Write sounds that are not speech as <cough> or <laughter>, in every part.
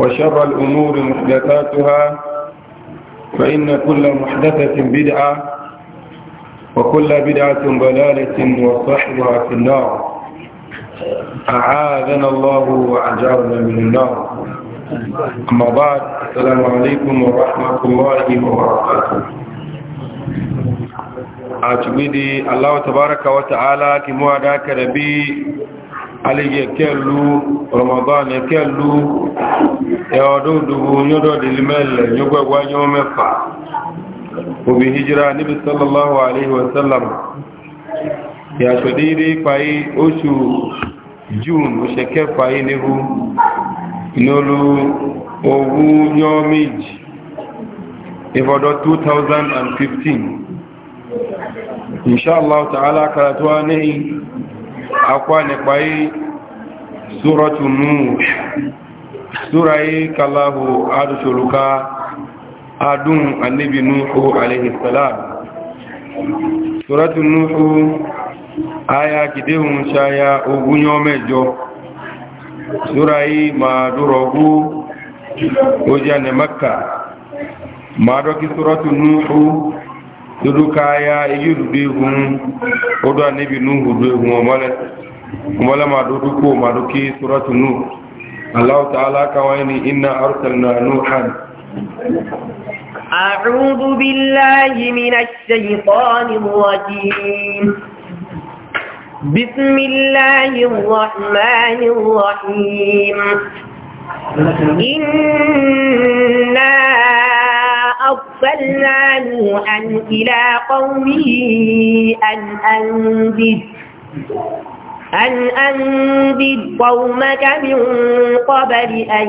وشر الأمور محدثاتها فإن كل محدثة بدعة وكل بدعة ضلالة وصحبها في النار أعاذنا الله وأجارنا من النار أما بعد السلام عليكم ورحمة الله وبركاته أتبدي الله تبارك وتعالى كموعدك ربي alege kẹlu rọmọbáni kẹlu ẹ̀ọ́dọ́dọ́gbò yọ́dọ̀dìlímẹ́lẹ̀ yọ́gbẹ̀gbà yọ́ mẹ́fà òbí hijira níbi sallallahu alaihi wasallam yàṣọ̀dírí parí oṣù june oṣẹ̀kẹ́ parí níhu inolu owó yọ́ méjì ìfọ̀dọ̀ 2015 inṣáàlá akwa nípa yí súrọ́tù núù súra yí kàláhù adùsòrùká adùn annabi núù aléhìsàlám súrọ́tù núù aya kìdéhùn ṣáyá ogún yọ mẹ́jọ súra yí ma dúrọ̀gú ó jẹ́ ní dọ́kí dudu kaya yuru de hun odo anabi nu hudu hun omole omole ma dudu ko ma duki suratu nu allah ta'ala kawani inna arsalna nuhan أعوذ بالله من الشيطان الرجيم بسم الله الرحمن الرحيم إنا أرسلنا نوحا إلى قومه أن أنذر أن أنذر قومك من قبل أن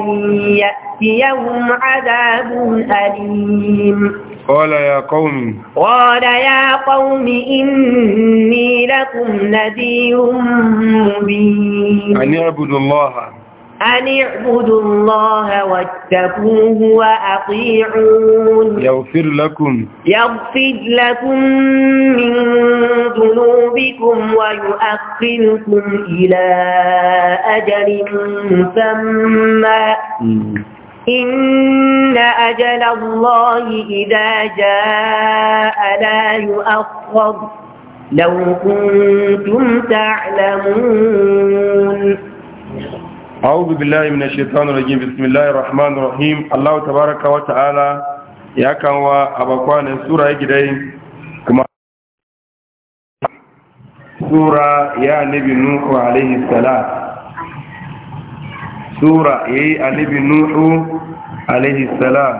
يأتيهم عذاب أليم قال يا قوم قال يا قوم إني لكم نذير مبين أن اعبدوا الله أن اعبدوا الله واتقوه وأطيعون يغفر لكم يغفر لكم من ذنوبكم ويؤخركم إلى أجل مسمى إن أجل الله إذا جاء لا يؤخر لو كنتم تعلمون أعوذ بالله من الشيطان الرجيم بسم الله الرحمن الرحيم الله تبارك وتعالى يا كان وابقوان سورة يجري كما سورة يا نبي نوح عليه السلام سورة يا نبي نوح عليه السلام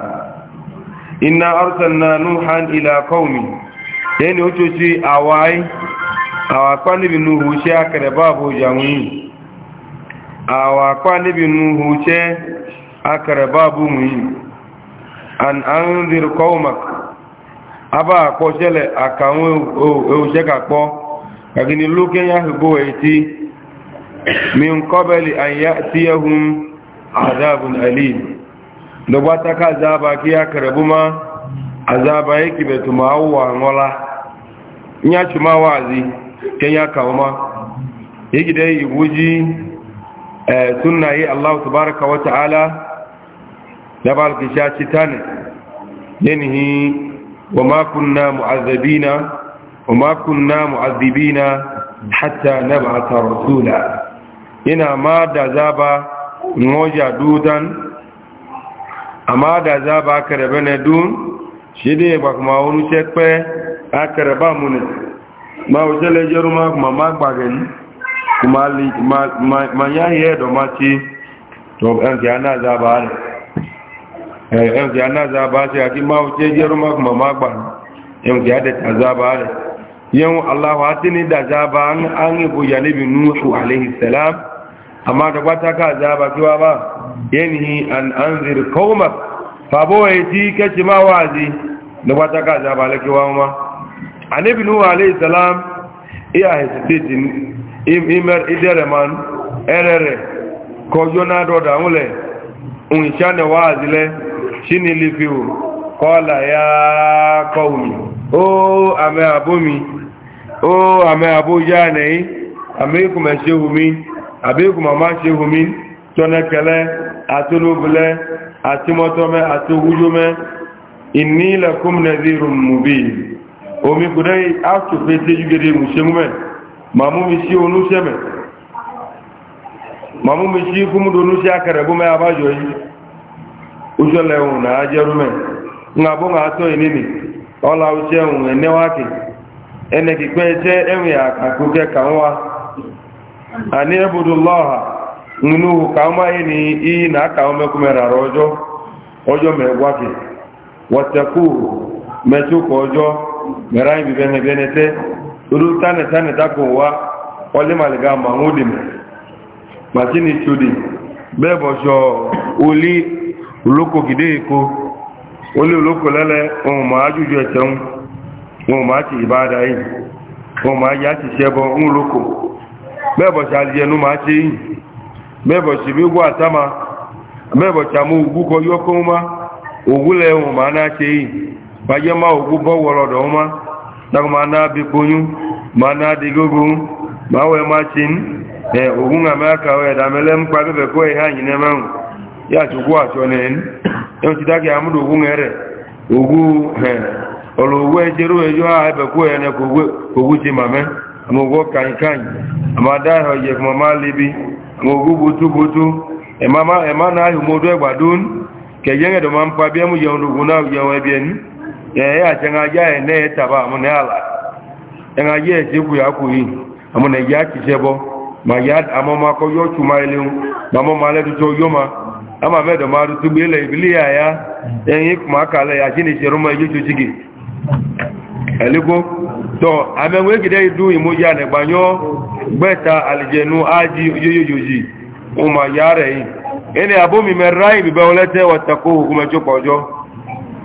إنا أرسلنا نوحا إلى قومه يعني أتوشي أواي أواقوان نبي شاكر بابه جامعين awa kwa nabi nuhu ce akara babu muyi an anzir a aba ko jele akawon o je ka po kagini luke ya hugo eti min qabli an ya'tiyahum azabun alim do bata ka azaba ki akara buma azaba yake betuma awwa ngola nya chuma wazi kenya kawma yigide iguji Eh, sunna yi Allah tabaraka wa ta'ala da balki shaci tani yanhi wa ma kunna mu'azzabina wa ma kunna mu'azzibina hatta nab'atha rasula ina ma da zaba ngoja dudan amma da zaba karbe ne dun shi ne ba kuma wani shekpe akarba mu ne ma wuce lejeru ma kuma ma gbagani ma yaghị edomachi anaza abachi aki ma uche jeruma kuma ma gba nke adịtaza abalị yenwu allahu atini da zaba an ibu yanibi nuhu alaihi salam amma da kwata ka zaba kiwa ba yanhi an anzir kauma fabo ya e, ti kashi ma wazi da kwata ka zaba la kiwa ma anabi nuhu alaihi salam iya hesitate idere man erere kojo na doda ule unshane wazile shini lifiu kola ya kawmi o ame abumi o ame abuja nei ame kuma shehumi abe kuma ma shehumi tonekele atulubule atimotome atugujume inni lakum nadhirun mubin omi kudai asu fete jugede musemume mamu mi si onu seme mamu mi si kumu do nu si akere bu me abajo yi ujo le un na ajeru me nga bo nga to ini ni ola uje un ene wa ki ene ki pe je enwe aka ku ke kan wa ani ibudullah ninu ka ma ini i na ka o me ku me ra rojo ojo me wa ki wataku me tu ko ojo merai bi bene bene ru tani tani tako wa wale maliga ma ngudi me machini bebo uloko gide iko uloko lele ma ajuju ma ti ibada yi ma ya ti sebo uloko bebo enu ma ti bebo si bi gwa bebo yoko ma ogule ma na ti baje ma ogubo worodo ma na ma na bikponyu ma na adịgogo ma wee machi ee eh, ogwu na ame aka wee damele mkpa bebekọ ihe anyị n'eme ahụ ya chukwu achọ na enu enwechita gị amụrụ ogwu nwere ogwu ogwu eju eh, e ha ebekwa ya na ka ogwu chi mame amogwo kanyi kanyi amada ha oye mama libi amogwo butu butu emama emana ahụ modu egbadun ma mkpa bịa mụ yewu n'ugwu na yewu yẹ̀yẹ́ àti ene ẹ̀ náà tàbá àmúnà àlà ẹ̀ngajá ẹ̀ ṣékù yàkù yìí àmúnà ìyá kìíṣẹ́ bọ́ ya yá ma akọ́ yọ́ túnmá ilẹ̀un mamọ́ ma lẹ́dútọ́ yọ́ ma a ma mẹ́dọ̀ ma rú ya ya ìbílẹ̀ ma ẹ̀yìn kùmà kalẹ̀ àti ní ìṣẹ̀rọ mọ́ ẹjọ́ ṣoṣígì ẹ̀lẹ́gbọ́ tọ́ àmẹ́wé gidẹ́ ma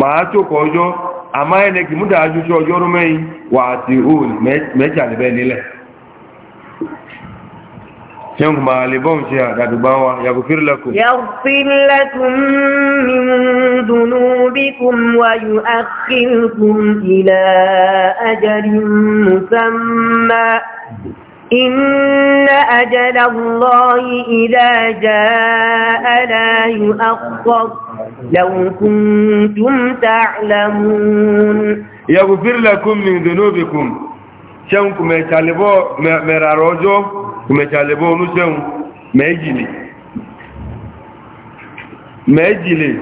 màá tsokọ̀ ọjọ́ àmọ́ ẹni kì í múdà ajúṣe ọjọ́ rú mẹ́yìn wà á ti ó mẹ́jà níbẹ̀ nílẹ̀ ṣẹ́gun máa lè bọ́n ṣe àdàdùgbà wa yàgò fírí lẹ́kùn. yàgòfin lẹ́kùn mímú dùnú لو كنتم تعلمون يغفر لكم من ذنوبكم شن كما تالبو مراروجو كما تالبو نشن ميجلي ميجلي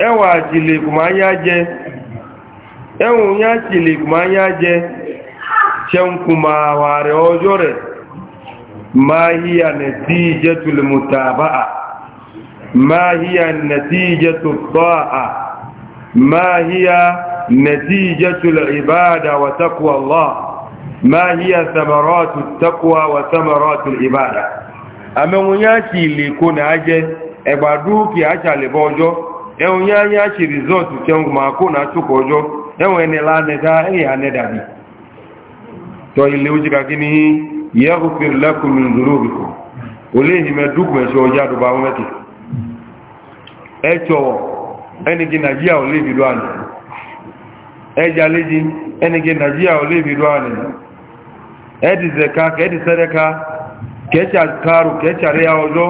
ewa jili kuma anya je ewu ya jili kuma anya je ṣeun kuma wàrẹ̀ ọjọ́ rẹ̀ ما هي نتيجة الطاعة ما هي نتيجة العبادة وتقوى الله ما هي ثمرات التقوى وثمرات العبادة أما ونياشي اللي كون أجي أبادوكي أشع لبوجو ẹ̀wọ̀n yá yá ṣe rìsọ́ọ̀tù tẹun ma kó náà ṣùkọ̀ ọjọ́ ẹ̀wọ̀n ẹni lánẹ́dá ẹ̀yà nẹ́dàbí tọ́ ilé ó jíkà kí ní yẹ́kùfẹ́ lẹ́kùnrin ọjá dùbà wọn mẹ́tẹ̀ẹ́ ẹ̀tọ́ ẹnigi nàíjíríà ò lè bìrò ànì ẹjà léjì ẹnigi nàíjíríà ò lè bìrò ànì ẹ̀dìsẹ̀ká kẹ́ẹ̀dìsẹ́rẹ́ká kẹ́ẹ̀ṣà kárù kẹ́ẹ̀ṣà rẹ̀ ọjọ́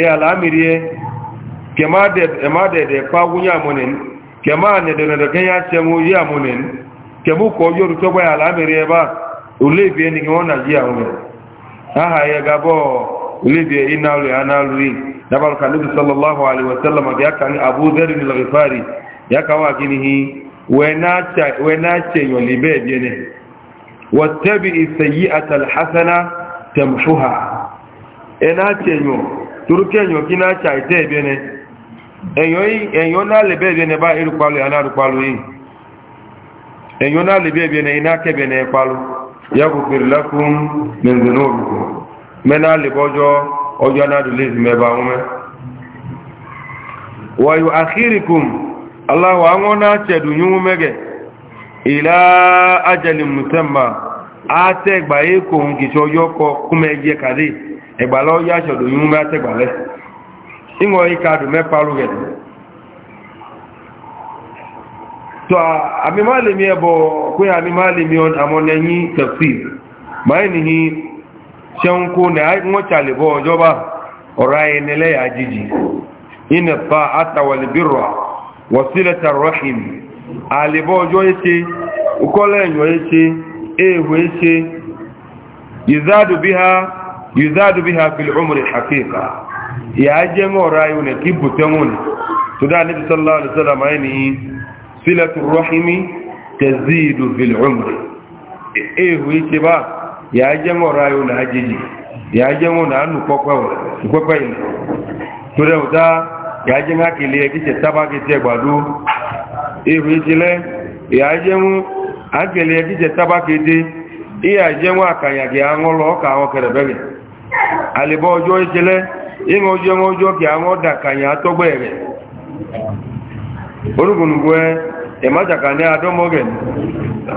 ẹ àlàmìrí ẹ kẹmáàdẹ̀dẹ̀ pàwúnyà mọ́nìn dabar ka nabi sallallahu alaihi wasallam ya kan abu dharr al-ghifari ya kawa kinihi wena cha wena che yolibe biene wattabi sayyi'ata al-hasana tamhuha ena che yo turukenyo kina cha ite biene eyo eyo na lebe biene ba iru palu ana ru palu yi eyo na lebe biene ina ke biene palu yaghfir lakum min dhunubikum mena lebojo ọjọ́ nádù lè fi mẹ́bà wọn mẹ́ wàyò àkírìkùn aláwọ̀ àwọn náà tẹ̀dù yíwú mẹ́gẹ̀ ìlà ajẹ́lì mùsẹ́mà átẹ́gbà èkó ń kìí ọjọ́ kọ kúmẹ̀ ẹgbẹ́ kàdé ẹgbà lọ́ọ́ yá ṣọ̀dù yíwú mẹ́ átẹ́gbà lẹ́ ìwọ̀n ìkàdù mẹ́pa lógẹ̀ tó ṣeun kó ní wọ́n tàlẹ̀bọ́ ọjọ́bá ọ̀rá ẹnilẹ́ àjíjì iná pa àtàwàlìbírọ̀ wọ̀sílẹ̀ta rọ́hìm àlẹ̀bọ́ ọjọ́ ẹ́ṣe ukọ́lẹ̀yàn ẹ́ṣe èèwò ẹ́ṣe yìzádù bí ha fìlúmùrì àfíìkà ìyá jẹ́ ọ̀rá ẹ̀wọ̀n kí bùtẹ́wọ̀n tó dá níbi sọ́lá alẹ́sọ́lámà ẹni sílẹ̀tù rọ́hìmí tẹ̀zíìdù fìlúmùrì èèwò ẹ́ṣe báà ya jengo rayo na ajiji ya jengo na anu kokwa kokwa ile ya jenga kile kiche tabaki te gbadu ewe ya jengo akele kiche tabaki te iya jengo akanya gi anwolo ka okerebele alibo ojo jile ingo jengo ojo ìmájàkà ní adọ́mọ́gẹ̀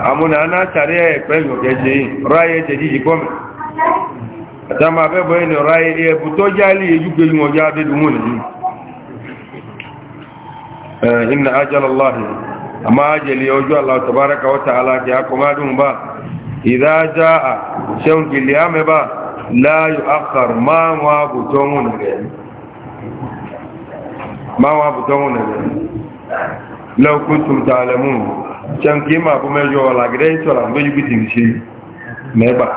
àmúnà anáṣàrí ẹ̀pẹ́ ìyọ̀kẹ́ṣe ráyẹ jẹ̀dí ìgbọ́mẹ̀ àtàmà afẹ́bọ̀ ẹni ráyẹ ẹ̀bù tó jálì ejúgbé wọn já dédùmú nìyí inna ajalallahi a máa jẹ̀lẹ̀ ọjọ́ aláwọ̀tàbárakà wata aláàkì akọmádùn bá ìdájá à ṣeun kìlì àmẹ́bà láàyò akar máa wọn àbùtọ́ wọn nìyẹn لو كنتم تعلمون كان كيما ابو ميجو ولا غريت ولا ميجو بيتي شيء ميبا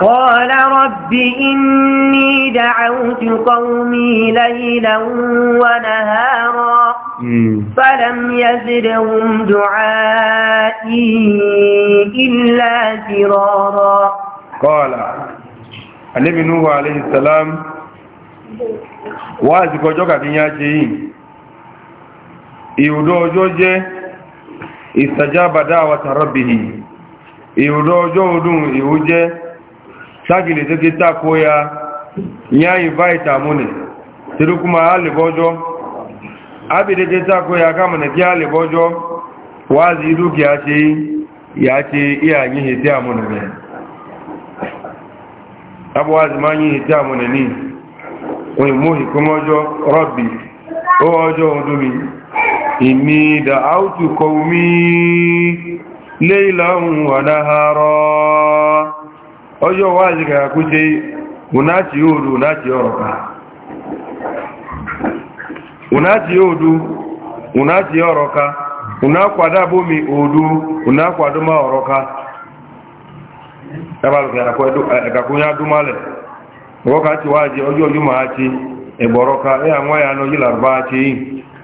قال رب إني دعوت قومي ليلا ونهارا فلم يزدهم دعائي إلا فرارا قال النبي نوح عليه السلام وازي كوجوكا دي ياجي ìhùdó ọjọ́ jẹ́ ìsàjábàdá àwàtà rọ́bìhì ìhùdó ọjọ́ ọdún ìhù jẹ́ ságìlì tó kí tàkó ya yá ìbá ìtàmúnẹ̀ tí ó kúmà alìbọ́jọ́ ábìdé kí tàkó ya kámọ̀nẹ̀ kí alìbọ́jọ́ wáàzì dúkìá ṣe yà ṣe ìyàyìn ètí àmúnẹ̀ rẹ̀ abúwáàzì máa yìn ó ọjọ́ ọdún mi إني دعوت قومي ليلا ونهارا أجو واجك يا كوتي وناتي يودو وناتي يوركا وناتي يودو وناتي يوركا unakwada bomi odu unakwada ma oroka tabalu kana ko edu ka kunya dumale woka waji ojo juma ati e anwa ya no yilar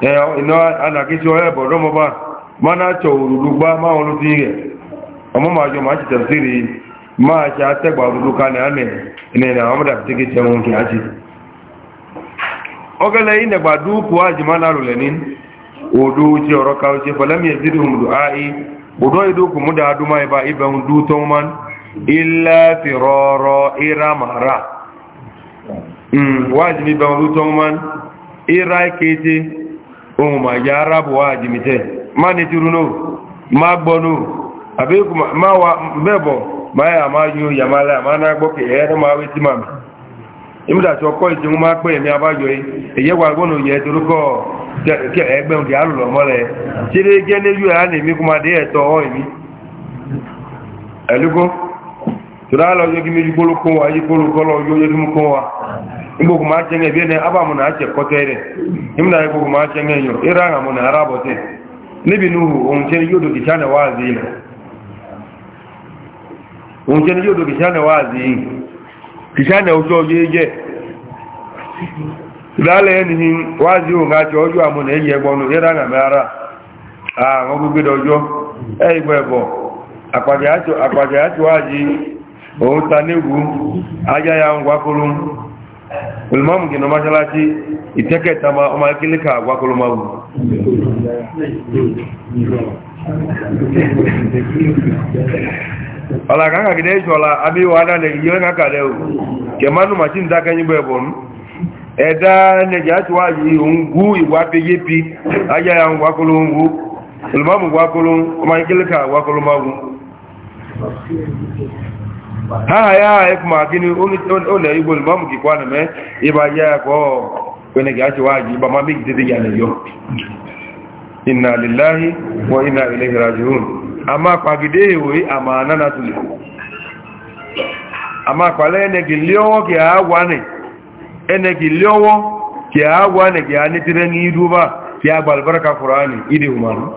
anakisi onye bụ ọdọmọba mana achọ ma ọlụta ihe ọmụmajọ ma achịcha siri ma achị ategba uruduka na ana nena ọmụda tikiti enwu nke achị ogele inegba duku ajima na rulenin odo uche ka uche ibe ira ohun ma ya arabu wa ajimite ma ni turu no ma gbo no abi kuma ma wa bebo ma ya ma ya ma ma na gbo ke e ma we ti ma mi imi da so iti ma pe mi abayo yi e. eye wa gbo no ye turu ko ke egbe e un di alu lo ti re je ne yu ya kuma de eto o emi elugo tura mi ko wa yi igbogu ma ce ne bene aba mu na ce kotere imna igbogu ma ce ne yo iranga mu na arabote nibi nuhu on ce yodo wazi ne on ce yodo ki chana wazi ki chana ojo yeje dale ni wazi o ga jo ojo amu na eye gbonu iranga me ara ah won gbe do ojo e igbo ebo apaje ajo apaje ajo wazi o ta newu aja ya ngwa kolum olùmọ́mù kìí mọ́ṣálásí ìtẹ́kẹta ọmọ aka àgbákọlọmọ́wù ọ̀là kàkà kìí ṣọ́lá abíwọ̀ adánẹ̀ yíò kàkà rẹ̀ o kẹmánù màtí ìdákẹ́yìn bọ̀ ẹ̀bọ̀n ẹ̀dá nẹ̀jẹ̀ àti wá yìí òun gú ìwà péyépi ọmọ ha ya kuma gini ole igbo ba mu kikwa na me iba ya ko wani ga ci waji ba ma miki didi yana yo inna lillahi wa inna ilaihi raji'un amma pagide we amana na tuli amma pale ne giliowo ki agwa ne ene giliowo ki agwa ne ki ani tire ni duba ki agbalbarka qur'ani idi humanu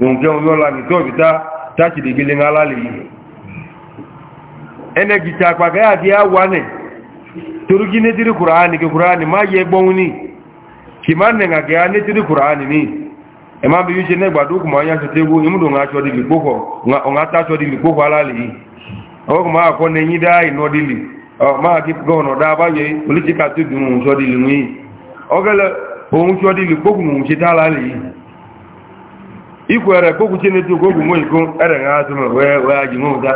nke onye la nke obita tachirigili ngalali enegicha akpa ga ya adị ya wani turu gị netiri kurani gị kurani ma ya egbonwu ni kima nne nga ga ya netiri kurani ni ema bi yuche ne gbadu kuma onye achọta egwu imudu nga achọ dili kpokwo nga ata achọ na de nwụ ikwere kókù tí ní tí kókù mú ikú wee ń hásí mọ̀ wẹ́ ajìmọ̀ ọ̀dá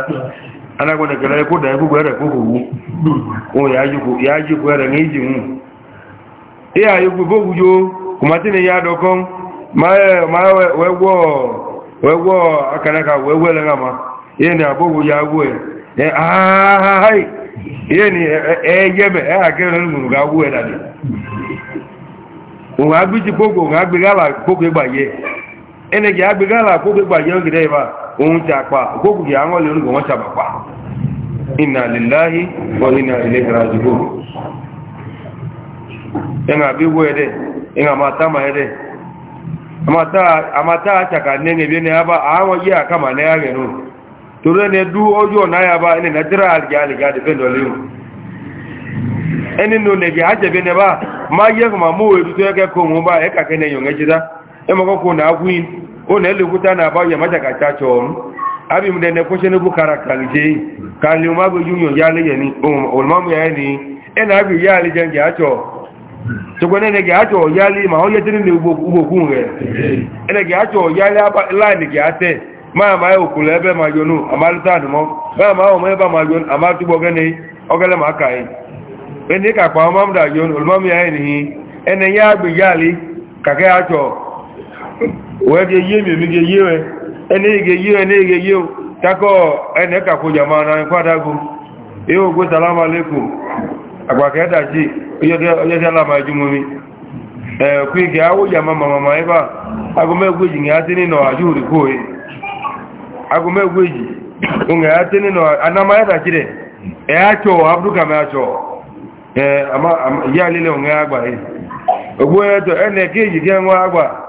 anagbọ̀nà kẹrẹ kó dá ikúkú ẹ̀rẹ̀ kókù wú ohun yà ájíkú ẹ̀rẹ̀ ń ìjì mú ìyà ikú ya ma ya gbọ́ ẹ̀ ahahai yẹ́ ni ẹ̀ẹ́yẹ́mẹ̀ ẹ̀ ị nínú ga gbọ́ ẹ̀ dàdé ene gị agbịga ala akpụgbe gbaji ogide ịba onwu cha akpa okpokwu gị aṅụọli onugo nwa chabakwa inna lillahi wa inna ilaihi rajiun enga bigwo mata ma ede amata amata achaka nene bi ne aba awo ye aka ma ne age na ya ba ene na dira alge alge ade fe ndole yo ene no ne bi ne ba ma ye ma mu we du ko ba e ka ke ne emegokwu na agwụ o na-elekwuta na aba yamaja kacha chọọ abi m na kweshe n'egwu karakta lije kali bụ union ya lije ni olmamu ya ni e na abi ya lije nge achọ tukwene ya li ma onye tiri na ugbo kwu ene ya li line ate ya okulu ebe ma yonu amalita ma ma o ma yonu amatugbo gene ogele ma aka yi ene ka ma yonu ya ni ene ya wee ga ga-eyi we eneghị ga-eyi eneghị ga-eyi takọ ene ka kwụja e, ma na nkwadago ihe ogwe agwa ka ee ma ma ebe a eji nga atịnị nọ ajụ urikwu oyi agụmegwu eji nga atịnị nọ anama edajire ee achọ abụka ma achọ ee ama ya lile nga agba ogbo eto ene ka eji nwa agba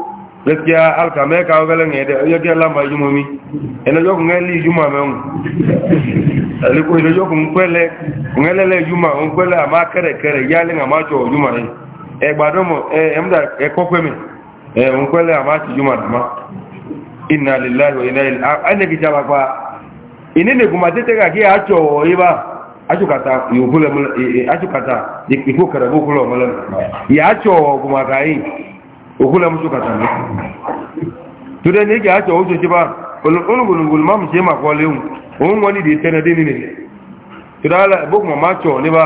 gaskiya alka mai kawo ya da yake lamba jumomi ina jo kun gali juma mai un ali ina jo kun kwele kun lele juma ma kwele ama kare kare yalin ama to juma ne e gbadon mo e emda e e, e, e kwele juma ma inna lillahi wa inna ilaihi annabi jaba ine ne kuma tete ga ki acho kata yo acho kata ya acho okula mu sukata ne tude ne ga acho ojo jiba onugulu ngulu mam je ma kwale un un woni de tene de ni ne tudala bok ma macho ne ba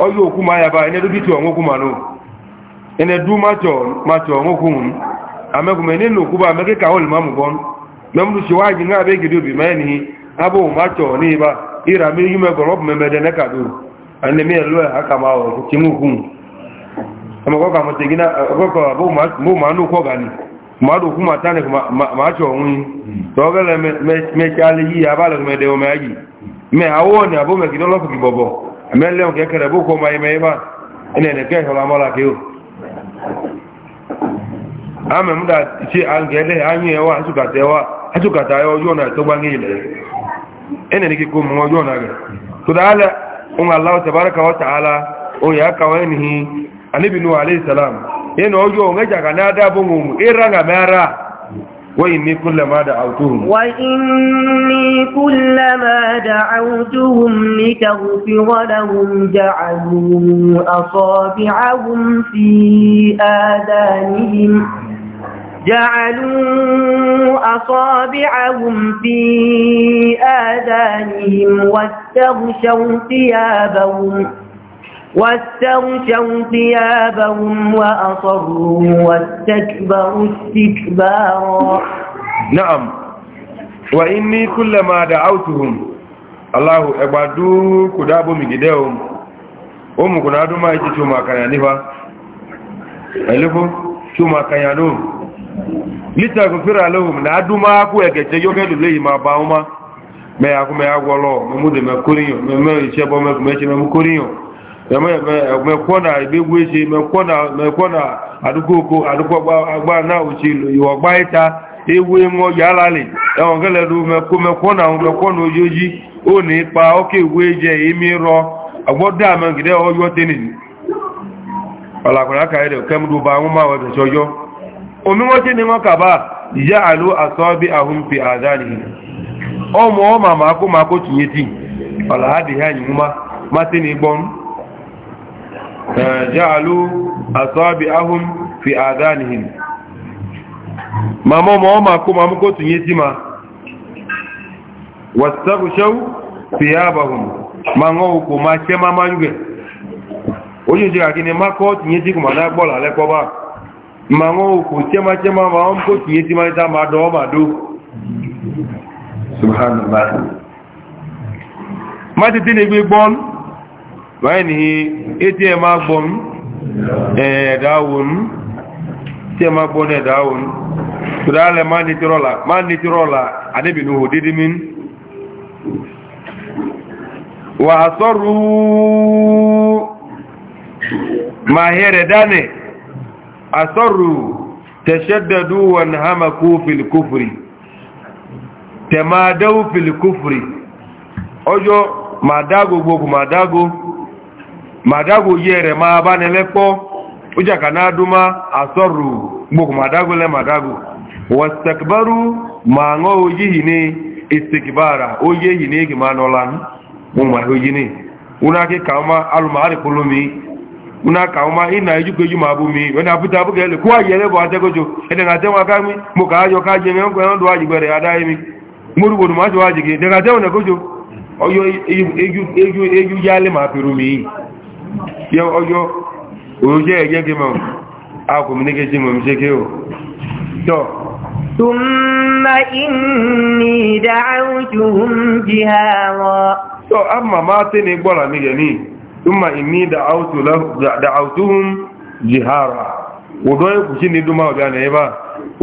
oyo oku ma ya ba ene du bitu onwo kuma no ene du macho macho onwo kun ameku me ne no oku ba meke ka ol mam gon mem du shi waji nga be gidu bi me ni abo ne ba ira mi yume gorob me me de ne ka du ane mi aka ma o kama kwa kama tegina kwa kwa bo ma bo ma no ko gani ma do kuma tane ma ma cho to hmm. gele me me yi me de o me aji me awone abo me kidolo ko bibobo me le ke kere bo ko mai me ene ne ke hola mola ke ame muda ti an gele anyi e wa yo yo na to ile ene ne ke ko na ge to dala un allah tabaraka wa taala o anabi nuhu alayhi salam yana ojo onge jaga na da bungu iranga mara wa inni kullama da'awtuhum wa inni kullama da'awtuhum litaghfira lahum ja'alu asabi'ahum fi adanihim جعلوا أصابعهم في آذانهم واستغشوا ثيابهم واستغشوا ثيابهم وأصروا واستكبروا استكبارا نعم وإني كلما دعوتهم الله أبدو كدابو مجدهم أم كنادو ما يجي شما كيانيفا ألفو شما كيانو لتغفر لهم نادو ما أكو يجي يوكيدو ليه ما باوما mẹ́yàkú mẹ́yàwọ́lọ́ mẹ́múdè mẹ́kúríyàn mẹ́mẹ́ ìṣẹ́bọ́ mẹ́kúríyàn mekona ebegwu eji mekona adụkoko adụkọgba na uchilu iwe ọgba ịta ewu ṅụọ yi alali eogelelu mekwona mekwona ojoji na ịkpa ọka egwu eji imi rụọ agbọdo amegide ọyọ tenin ọlakwara aka ere kemdụba anwụma webechi ọjọ omenwoche na-enwe kaba ya alụ asọbi ahụmpi adani ọmụọ ma ma akụ ma akụ tinye tii ọla ha dị ha nyinwuma masị na ịgbọm ja'alu asabi'ahum fi a mamo mo ma ko mamo ko tunye tima wastabshaw thiyabahum mango ko ma che mama nge oje je akini ma ko tunye ti ko ma na gbola le ko ba mango ko che ma che mama on ko tunye tima ta ma do ma do subhanallah ma ti ti ne gbe wáyìí etí ẹ máa gbọ́n ẹ̀ẹ̀dáwòn tí ẹ máa gbọ́n ẹ̀ẹ̀dáwòn tùdálẹ̀ máa ní tírọ́là máa ní tírọ́là adébìnú hù dídí mín wà sọ́rù máa hẹ́rẹ̀ dáni àsọ́rù tẹ̀ṣẹ́dẹ̀dú wọn hàmàkú fìlìkúfìrì tẹ̀ máa dáwó fìlìkúfìrì ọjọ́ máa dágó gbogbo máa dágó madago yere ma ba ne lepo uja kana duma gbogbo madago le madago wastakbaru ma ngo ni istikbara ojihi ni ki manolan mo ma ojihi ni una kulumi una ina ma bu mi wena buta bu gele ku bo ene na tewa ka mi mo ka yo ka je mi ko aji gbere mi mo ru bo ma jo aji ge de ka na gojo oyo eju eju eju ma peru yẹ ọjọ́ òjò ẹ̀jẹ́ kí mọ̀ akùnmíníkẹ́ sí mọ̀ mi ṣe kí o tọ́ ثم إني ma te ne gbọ́ra mi jihara odo duma na a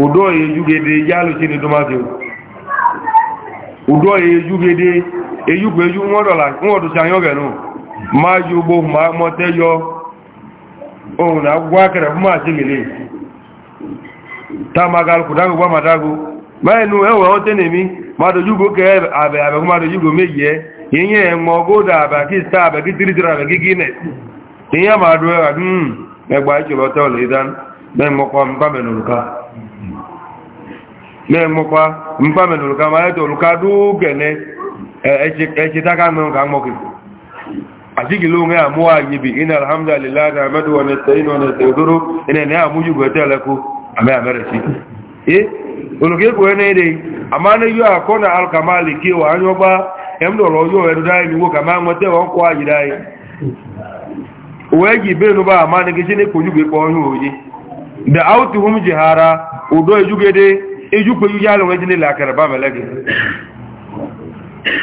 odo ejugede yalu shi ni duma ti odo ejugede eyugbe eju máa yí ogbó máa mọ́tẹ́ yọ ohun agbákẹ̀rẹ̀ fún máa ṣe ọtụtụ tá máa galùkù dágò gbá máa dágò mẹ́ẹ̀nu ẹwọ̀ ọ́n tẹ́ nèmi máa ihe kẹ́ àbẹ̀ àbẹ̀ fún máa dojúgbò méjì ẹ́ ìyẹn ẹ̀mọ́ góòdà àbẹ̀ kí star àbẹ̀ atigile onwe ya mụọ anyị bi ina alhamdulillah na amadu wa ina na amuju go tele ko ame amere si e ologe ko ene ide amana yo akona alkamali kewa wa anyo ba em do lo yo edu dai ni wo kama ngote won ko ayi dai weji be no ba amana na sine ko ju gbe ko yun oye da outuhum jihara odo ejugede ejupe yu yalo wejini la karaba melege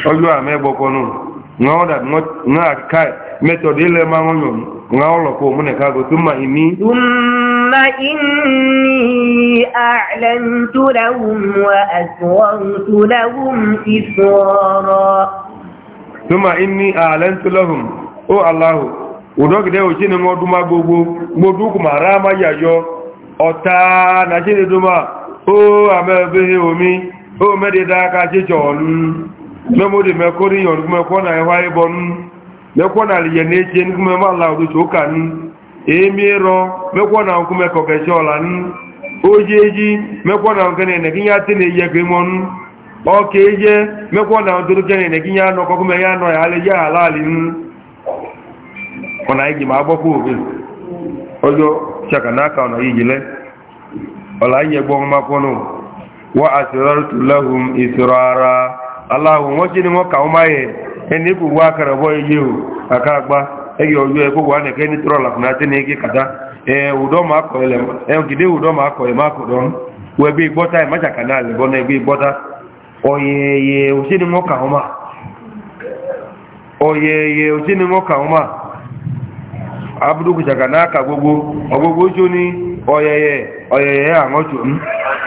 ojo ọdụ nga kai method ile ma ngonyo ngawlo ko mune ka go thumma inni thumma inni a'lantu lahum wa lahum thumma inni a'lantu lahum o allah udog de o ma gogo godu ku marama ota na chine duma o amebe omi o medida ka memori na yon kuma kona ewa ibon mekona na eche ni kuma mala odu choka ni emiro mekona kuma kokesho ola ni ojeji mekona nkene ne kinya tene ye gwon oke ye mekona nduru kene ne kinya no ko kuma ya no ya le ya halali wa lahum israra ala wọ́n jí ni wọ́n kà ó máa yẹ ẹni wá akara iye o akara gba ẹyẹ ọjọ́ ẹ kó wà nìkẹ́ ní tọ́rọ̀ kata àti ní ike kàdá ẹ òdọ́ máa kọ̀ ẹlẹ̀ ẹ̀hún kìdé òdọ́ máa kọ̀ ẹ̀ máa kọ̀ dán wọ ẹgbẹ́ ìgbọ́ta kà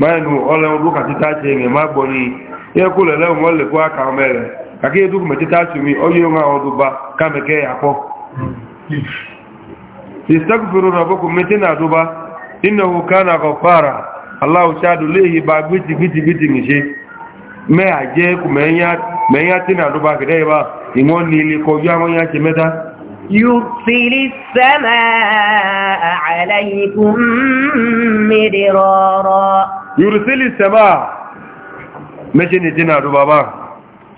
mayangu ọlẹ́wọ̀n bó kàtí táàtì ẹ̀yẹ̀ má gbọ́ ní ẹkù lẹ́lẹ́wọ̀n wọ́n lè kó àkà ọmọ rẹ̀ kàkí ẹdùkù mẹ́tí táàtì mi ọyẹ́ wọn àwọn ọdún bá kàmẹ́kẹ́ àkọ́ ìsẹ́kùfẹ́rún àbọ́kù mẹ́tí ka dún bá nínú ka kánà kọ̀ يرسل السماء مجن جنا بابا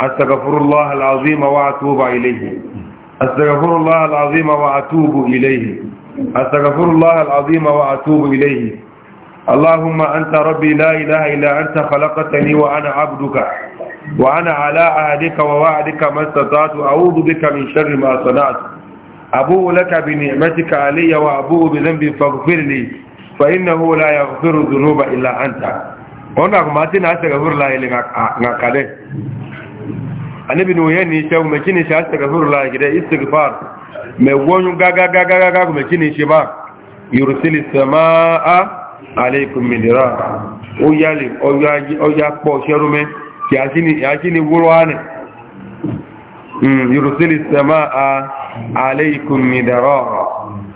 استغفر الله العظيم واتوب اليه استغفر الله العظيم واتوب اليه استغفر الله العظيم واتوب اليه اللهم انت ربي لا اله الا انت خلقتني وانا عبدك وانا على عهدك ووعدك ما استطعت اعوذ بك من شر ما صنعت ابوء لك بنعمتك علي وابوء بذنبي فاغفر لي fa innahu la yaghfiru dhunuba illa anta onda kuma tina astaghfir la ilaha nga kale anabi no yani taw me kini sha astaghfir la gida istighfar me wonyu gaga gaga gaga kuma kini shi ba yursilis samaa alaykum midra o yali o yaji o ya po sherume ki asini asini wurwane mm yursilis samaa alaykum midra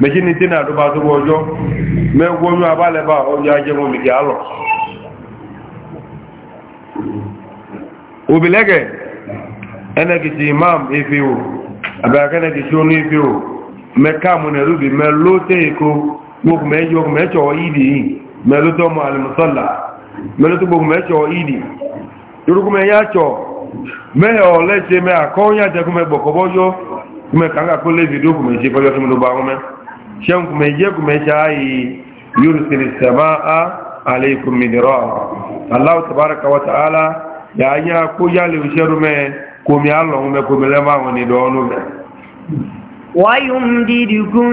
meji ni ti na aduba to gojo me wonu abale ba o ya je mo mi ya lo obilege ene ki ti imam ife o abara kene ki ti onu ife o me ka mu ne rubi me lo te ko mo me yo me cho idi me lo to mo al musalla me lo to bo me cho idi yoruku me ya cho me o le se me akonya je ku me gboko bojo ku me kanga ko le video ku me se bojo ti mo do ba won me shan kuma je kuma shayi yursil samaa alaikum midrar Allah tabaaraka wa ta'ala ya ya ko ya le sherume ko mi Allah me ko mi le ma woni do onu be ويمددكم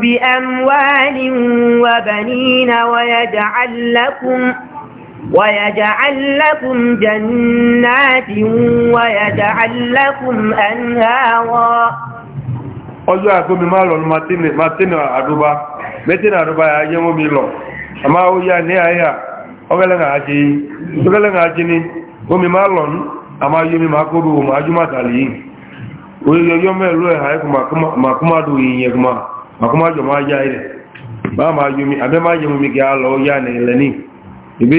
بأموال وبنين ويجعل لكم ويجعل لكم جنات ويجعل لكم أنهارا ọjọ́ àgbómi máa lọ martin àdúbá martin àdúbá yà yẹ́ mọ́ mi lọ àmá ó yá ní àyà ọgẹ́lẹ́gà ajé ní omi máa lọ àmá yóò mi máa kó rú ma ajú mátàlì yìí oríyọyọ mẹ́lú ẹ̀hà ẹkù makúmádù ìyẹn kùmá makúmájọ máa yá ilẹ̀ bá máa yóò mi abẹ́ máa yẹ mọ́ mi kí á lọ yá ní ilẹ̀ ní ibi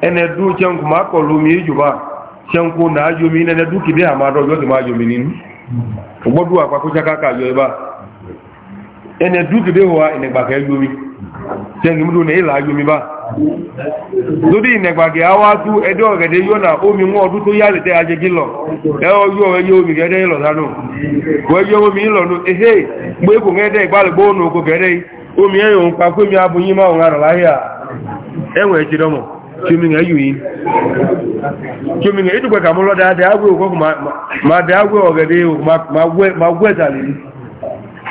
ene du chenku makolu mi juba chenku na ajumi ne du kibe amado ma ajumi nin hmm. ogbodu apa ko ka yo ba ene du kibe wa ene gba ka ajumi chenku mu du ne ila ba gba gị awa tu edo gede yo na omi mu odu to yale te aje gilo e o yo e yo mi gede lo sanu wo e nu ehe omi kyominga yuyin kyominga yi tukwe kamulo da da agwe ko ma da agwe ogade ma gwe ma gwe tali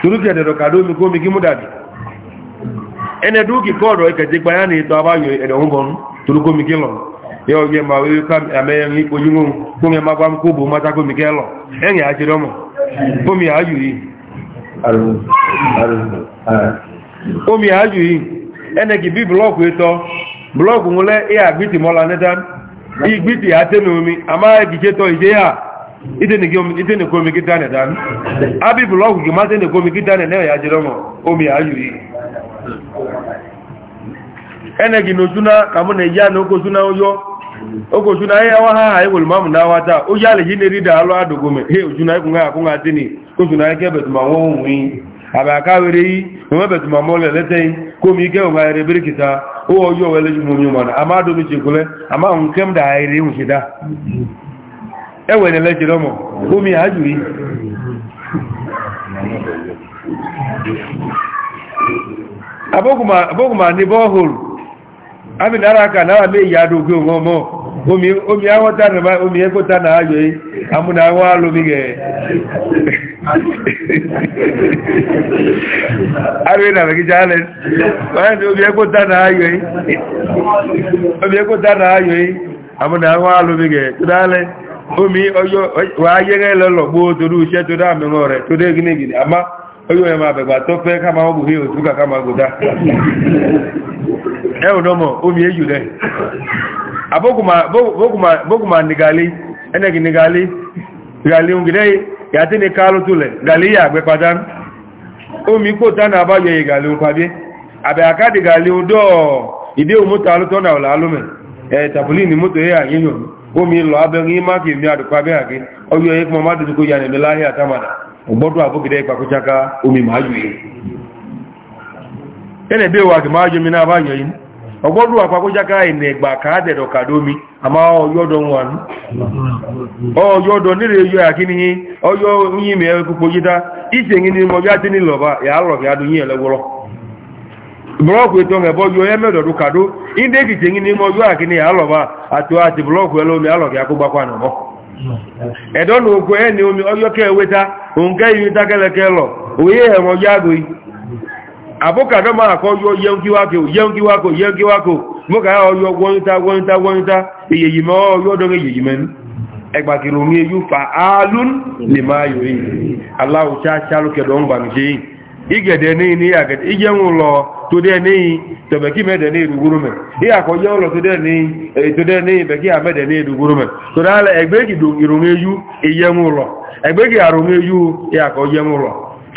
turuke da dokado mi ko mi gimu dadi ene duki kodo e kaje bayani to abayo e don bon turuko mi gelo yo ye ma wi kam ame mi ko yungu ko nge ma gwam ko bu mata ko mi gelo enye ajiro mo ko mi ayuyi aru aru ah ko mi ayuyi ene ki bi block we to blọọkụ nwụle ịa gbiti mọla neta igbiti ate n'omi ama egiche tọ ije ya ite na ekomi kita neta abi blọọkụ gị mate na ekomi kita neta ya jere ọmụ omi ya yuri ene gị n'ozuna ka mụ na ya na okozuna oyo okozuna e ya wa ha ha iwolu mamu na awata oyi ala ji na-eri da alụ adogome he ozuna ikwụ e ha akwụ ha tini kozuna ya e kebe tụmanwụ onwe a àkáwèrè yìí were tí ma mọ́lẹ̀ lẹ́tẹ́yìn kó mi gẹ́ ọ̀gá ẹ̀rẹ̀ bírí kìta ó ọjọ́ ẹlẹ́ jù mọ́mí ọmọdé a máa dómi jẹ́kúlẹ́ a máa kẹ́m dà ẹ̀rẹ̀ ń ṣe dá ẹwẹ̀ ní kó mi àájú yìí abókùnmà ní kà mé ìyá àdógbé ọmọ omi awọ́ta náà omi Arịrị na Megiddo Allen, obi ekweta na ayọghị, obi ekwu da na ayọghị, àmúnà omi ọjọọ wà ayẹ́rẹ́ lọ́lọ́gbó torí iṣẹ́ tó dá mẹ́wọ́n rẹ̀ tó dé gínigìnì, ama ọjọ́ ẹ̀mà àbẹ̀gbà tó fẹ́ omi ya yàtí ni káàlù túlẹ̀ gàlíyà àgbẹ́ padà omi kò tánà àbáyọ ìgàlì òpàbí àbẹ̀ àkádì gàlì odò ìdí òmúta alútọ́nà ọ̀làálùmẹ̀ ẹ̀tàbùlì ní mọ́tò yẹ́ àyíyàn omi lọ abẹ́rin mákì ní àdùpàbẹ́ àgbẹ́ ọyọ ikmọ̀ má dùdú kó yà nìmi láyé àtàmàdà ọgbọ́dọ̀ àbókìdẹ́ ìpàkúchaka omi máa ọgọ́dù àpapọ̀jáká ìnẹ̀gbà káàdẹ̀dọ̀ kàdómi àmá ọyọ́dọ̀ wọn ọyọ́dọ̀ nílẹ̀ yọ àkíní ọyọ́ ma mẹ́ púpọ̀ yídá ìṣẹ̀yìn ni mọ̀bí àti nílọ̀bá ìyàlọ̀bí adúyí ẹ̀lẹ́wọ́rọ́ búlọ́ọ̀kù ni mọ̀bí àkíní ìyàlọ̀bá àti àti búlọ́ọ̀kù ẹlómi ya akógbákwà nàbọ́ ya ogun ẹ̀ ni yìí tákẹ́lẹ́kẹ́ àbúkàdọ́ máa kọ́ yọ yẹun kí wákò yẹun kí wákò yẹun kí wákò mọ́kà ọyọ wọ́nyúta wọ́nyúta wọ́nyúta èyèyì mọ́ ọyọ́ dọ́rọ èyèyì mẹ́nu ẹgbàkìrò ní eyú fa áálún lè máa yọ yìí aláwọ̀ ṣáṣálùkẹ̀dọ̀ ń gbàmìṣe yìí igẹ̀dẹ̀ ní ní àgẹ̀dẹ̀ ìjẹun lọ tó dẹ́ ní tọ̀bẹ̀kí mẹ́dẹ̀ ní ìdúgbòrò mẹ́ ìyàkọ̀ jẹun lọ tó dẹ́ ní ètò dẹ́ ní ìbẹ̀kí àmẹ́dẹ̀ ní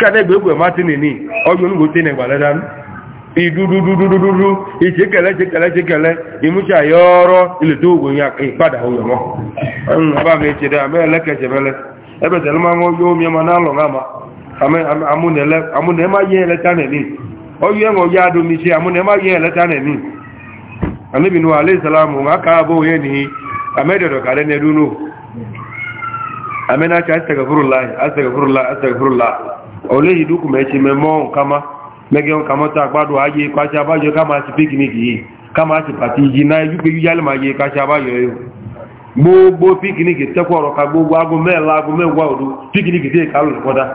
kadegbe egwe matinini ọjọ onugbo ne gbaladan idudududududu ìṣekẹlẹ ṣekẹlẹ ṣekẹlẹ ìmúṣà yọọrọ ilẹ̀ tó ogun ya ìpadà oyọmọ ọba mi ṣe dẹ àmì ẹlẹkẹṣẹ mẹlẹ ka tẹlẹ máa ń yọ omi ẹmọ náà lọ náà ya ni olehi duk mechi mmemme ọnwụ kama mege nkama ta agbado aje kacha abajo kama si piknik yi kama si pati ji na ejukpe yali ma je kacha abajo yo gbogbo piknik tekwọrọ ka gbogbo agụ meela agụ megwa odu piknik dị ka alụrụ kọda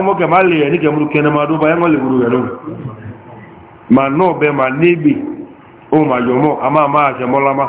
moto e ma le ẹni kẹ muru kẹne ma dọba ẹngọ ma nọ bẹ ma ma ama ma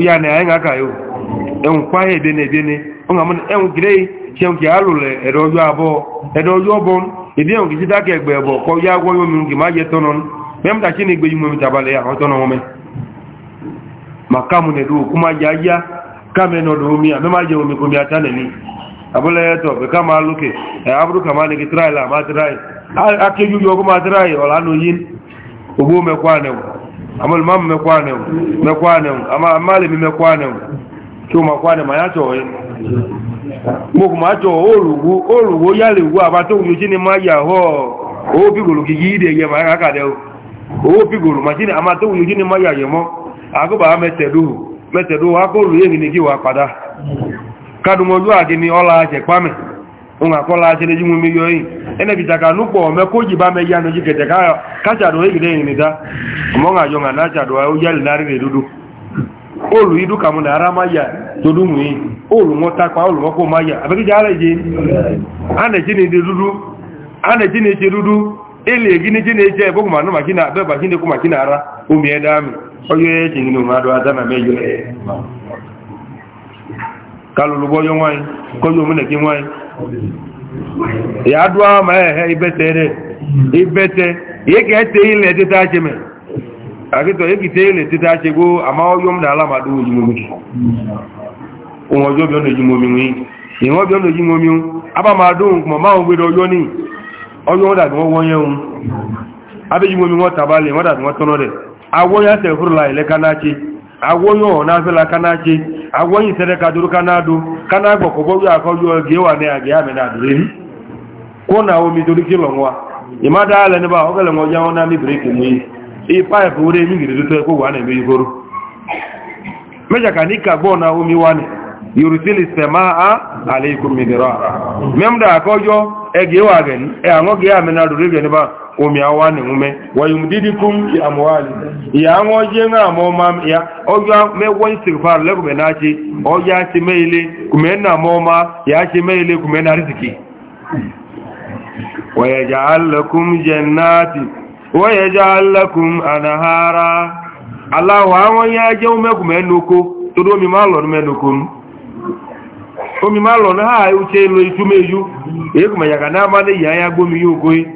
ya na ya aka yo enwu kwa he na dene onga mun enwu gire chem ki alule edojo abo edojo bon ide enwu ki dake egbe bo ko ya gwo yo mi ngi ma je tonon mem da chini egbe yumo mi tabale ya otono mo me makamu ne du kuma ma je omi ko mi atane ni abule to be kama e abru kama ma trial akeju yo ko ma amul mam me kwane me kwane ama mali me kwane chuma kwane mayacho mo kuma cho orugo orugo yale wu, abato uji ni maya ho o bigulu gigide ye ma kaka de o bigulu machine amato uji ni maya ye mo agoba metedu metedu akolu yeni ni giwa pada kadu moju agini ola je pame nga kọla a ji nwe mmiri oyi enebita ka nukpọ omeko ji ba meji anụ jikete ka kachado egide enyi nita ọmọnga ajọ nga nachado oyi alinarị olu idu ka mụ na yi olu nwọta kwa olu ara na na ede dudu na-eche na eche dudu na eche na eche ebe ọgwụma anụ maki na abe na ara omi na yo ya dụọ ma ehe ibete ibete ihe ka ete ile tete ache me akịtọ ekite ile tete ache goo ama ọyọ m na-ala ma doo ojimomi onwe aba ma ma ni nwụ abịa dà tọrọ dị agwọ ya sefuru la na-achị agwonyo na afela kana je agwonyi sere ka duru kana du kana gbo ko boyu akoju oge wa ne age ame na dure ni hmm? ko na o mi dori ki lo nwa imada ale ni ba o gele nwa ni i pipe ore mi gidi to ko wa na mi goro meja kanika gbo na o mi wa ni yurisili semaa alaykum midrara memda akojo ege wa omi awa ni mume wayum didikum ya amwali ya ngo jenga mo mam ya ogya me won sirfar lego me nachi ogya ti meile kumena moma ya ti meile kumena riziki wayaj'al lakum jannati wayaj'al lakum anhara allah wa won ya je ume kumenoko to do mi ma lo menoko omi ma lo na ha uche lo itumeju e kuma ya kana ma ne ya ya gbomi yogoe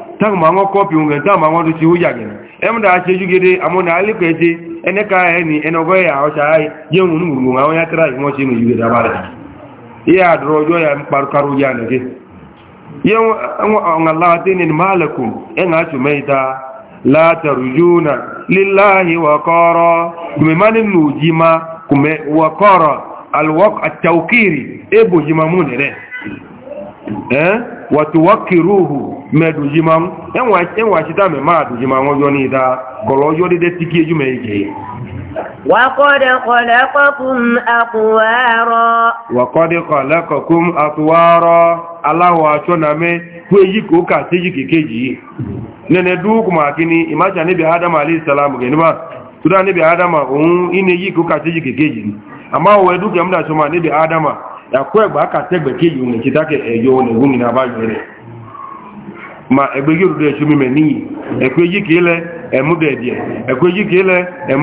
táwọn máa wọ́n kọ́pì òun gẹ̀ẹ́ táwọn na wọ́n e tó ti ó yà gẹ̀ẹ́ ẹmúdà aṣejú gẹ́dẹ́ àmọ́nà alẹ́pẹ̀ẹ́ṣe ẹnẹ́ka ṣe nù yìí dábà ya ń parukaro yà nìkẹ́ yẹ́hùn àwọn aláwọ̀tẹ́ ni málẹ̀kùn ẹ̀nà àtúmẹ́ta látàrújúnà líláhì wàkọ́rọ̀ kùmẹ̀mánìlòjìmá ebo jima watuwakiruhu medujiman enwachita mema me ma ni da goro ojo dede tiki eju me ike وقد خلقكم أطوارا وقد خلقكم أطوارا الله واشونا مي كيجي nene duk ma kini imaja nabi adam alayhi salam gani ba adam un ine yi ko ka tiji kekeji amma wa akụ egbe aka ta egbe ka eji onwe cheta ka eyo na egwu na abayere ma egbe gị ruru echu mime n'iyi ekweji ka ile emudedie ekweji ka ile eyo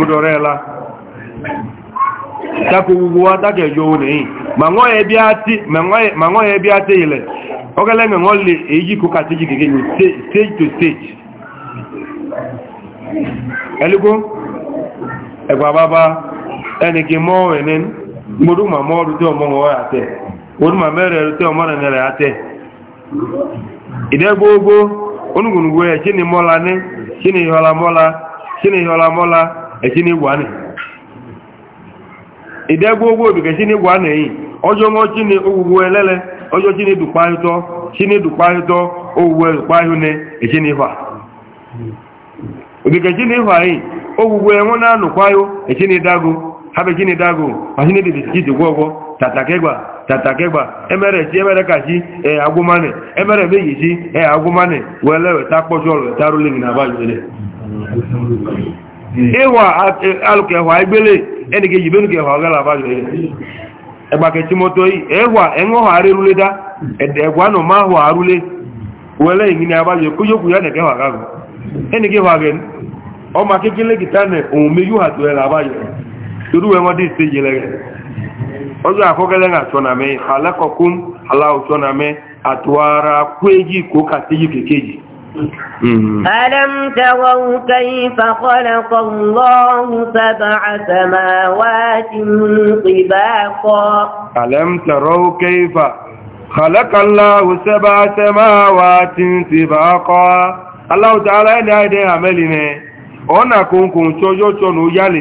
ma nwa ile ogele nwa le eji ko ka teji keke ni stage to stage elugo egbe ababa ẹnì kí mọ́ mgbodo ma mụọ rute ọrụ ya ate mgbodo ma mere rute ọmụrụ nyere ya te idegbo ogbo onugwunugwu ya chini mọla ni chini mọla chini ihọla mọla echini gwani idegbo ogbo obi ka yi ọjọ mọ elele dukpa dukpa dukpa na-anụkwa yo e, habe gịnị dago mahine dị biskiti gwọgwọ tatakegba tatakegba emere chi emere ka e, chi ee agwụmanị emere yi chi ee agwụmanị wele weta kpọchụ ọlụ weta ni na abajere ịwa alụkehwa egbele enige yibenu ha ọgala abajere egbakechimoto ma wele gago na omume yuha torí wẹ́n wọ́n dé ìsèjì lẹ́rẹ̀ ọjọ́ àkọ́gẹ́lẹ́ àtọ́nàmẹ́ alákọ̀ọ́kún aláòtọ́nàmẹ́ àtọ́wàrà kúéjì kó kàtíjì kékèjì ألم تروا كيف خلق الله سبع سماوات àìdẹ́ àmẹ́lì ó yà lè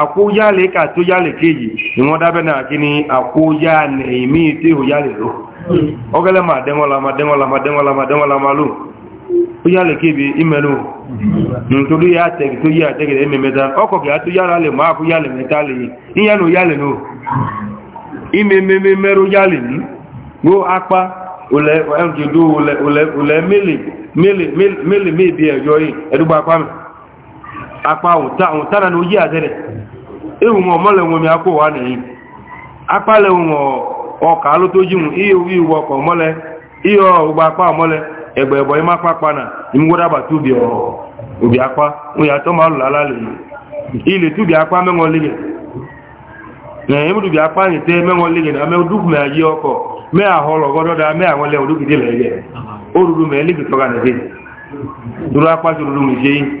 àkóyálè kà tó yálè kéjì ni wọ́n dábẹ́ náà kí ni àkóyálè ìmí tí ó yálè ló ọgẹ́lẹ́ máa dẹ́wọ́lá máa dẹ́wọ́lá máa dẹ́wọ́lá máa dẹ́wọ́lá máa ó yálè kébi ìmẹ́lò nítorí yá tó yá tó akpa àwọn tánà ní ojí àtẹ́rẹ̀ ihùn ọmọlẹ̀ wọn mi akó wà nìyí apálẹ̀ wọn ọkà ló tó jíhun iye akpa ìwọ ọkọ̀ ọmọlẹ̀ akpa ọgbà apá ọmọlẹ̀ ẹgbẹ̀ ẹ̀bọ̀ ima pápá nà ìmúgbọ́dábà túbi akpa òbí apá wọn yàtọ̀ máa lù lálẹ́ ilẹ̀ túbi apá mẹ́wọ́n lẹ́yìn ẹ̀yìn múlùbí apá yìí tẹ́ mẹ́wọ́n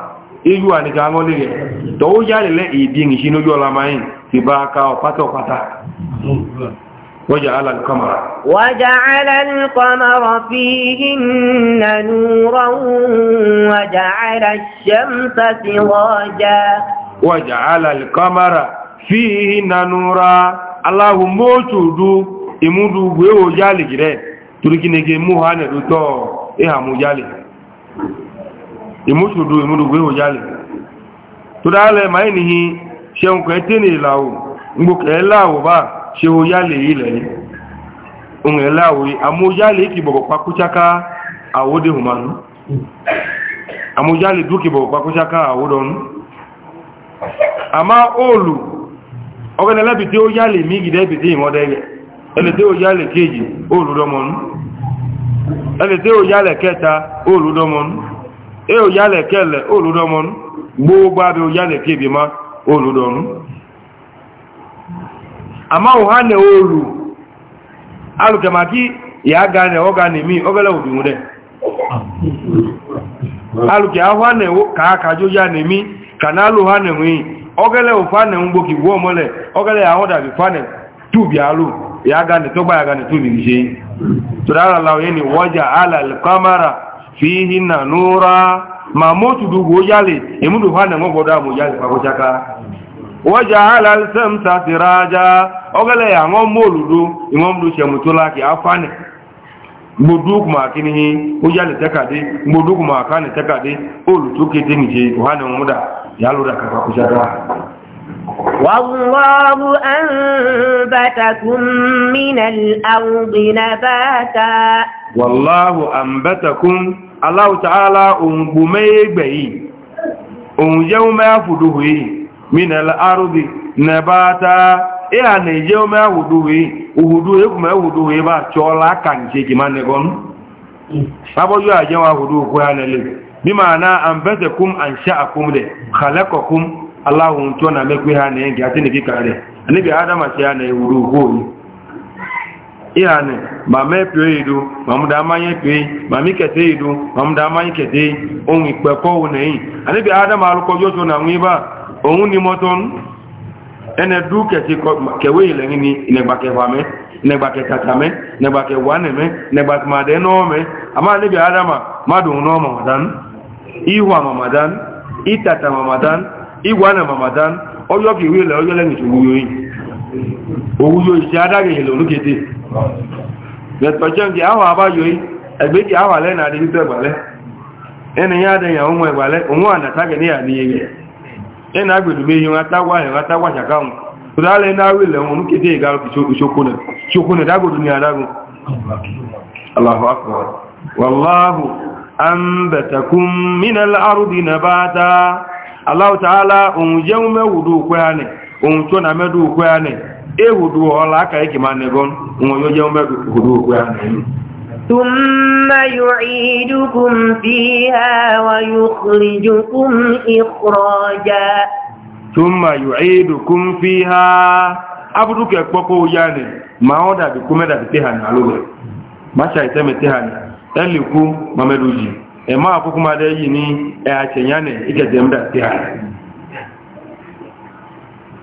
iyu a ka ngoli ge to u ya ibi idi ngi shinu yo lamain tibaka opata opata وجعل القمر وجعل القمر فيهن نورا وجعل الشمس سراجا وجعل القمر فيهن نورا الله موجودو imudu gwe o jali ìmúṣùdú ìmúdùgbé òjálẹ̀ tó dálẹ̀ máa nìyí ṣeun kẹ́ ní ìlàwò gbókẹ̀ ẹláwò bá ṣe òjálẹ̀ ilẹ̀ ohun ẹláwò amójálẹ̀ kìbọ̀bọ̀ pakúṣáká àwódé amójálẹ̀ dúkìbọ̀bọ̀ pakúṣáká àwódọ́nú àmá òòlù ọgẹ́nẹ̀lẹ́bì tí ó yálẹ̀ e oyale kele oludomon gbogbo abe oyale kebi ma oludom ama uha ne olu alukemaki ya ga ne oga ne mi ogele odunwu de aluke ahua ne ka aka jo ya ne mi ka na alu ha ne wi ogele ufa ne ngboki wo mole ogele ahun da bi fa tu bi alu ya ga ne to gba ya ga ne tu bi se to dara lawo ye ni waja ala al qamara na nura ma motu dugu yale emudu hana ngogo mu yale pakochaka wajaala alsamsa siraja ogele ya ngom moludu ka du chemutula ki afane gboduk ma kinihi ujale takade gboduk ma kane takade olu tukete nje hana ngomuda yaluda pakochaka والله أنبتكم من الأرض نباتا والله أنبتكم aláwùtà ààlá òun gbò mẹ́yẹ́gbẹ̀ yìí òun jẹun mẹ́ fùdúhù yìí mínẹ̀lẹ̀ arúbì nẹ̀bátá ìhà nà ìjẹun mẹ́ fùdúhù yìí òhùdú ekùnmẹ́ fùdúhù yìí bá ahụ kàǹtẹ̀kì má nẹ̀gọ́n abọ́jú máa ná ihani mama mepio idu ma mu da manye pe ma mi kete idu ma mu da manye kete ohun ipe ko wo nei ani bi adam aluko jojo na nwi ba ohun ni moton ene du kete ko kewe ile ni ine gba ke fa me ine gba ke tata me ine gba ke wane me ine gba ma de no me ama ani bi adam ma du no ma madan iwa ma madan itata ma madan iwana ma madan oyo ki wi le oyo le ni tuwu yoyin owu yo ise adage ile olukete lẹ́tọ̀jọ́ kí àwọn àbáyọ̀ yìí ẹgbẹ́ kí àwọn alẹ́ náà di títọ́ ìgbàlẹ́ ẹni yá adẹ́yàn ohun ìgbàlẹ́ òun ànàtàgẹ̀ ní àníyẹ rẹ̀ ẹni agbèdùmé yìí wọn atáwà ẹ̀rọ atáwà ṣàkáhùn tó dálẹ́ náà rí lẹ́wọ̀n ní na ìgbà ṣokúnẹ̀ dágbòdù ní adágún ehudu ọla aka ike ma negon nwa onye onye ome hudu okwe ahụ ثم يعيدكم فيها ويخرجكم إخراجا ثم يعيدكم فيها abudukɛ kpɔkɔ ya ni maa ɔ dabi kome dabi te hani alo lɛ masa itɛmɛ te hani ɛliku mamedu yi ɛmaa kukuma de yi ni ɛhatsɛ e nya ni ikɛtɛm dabi te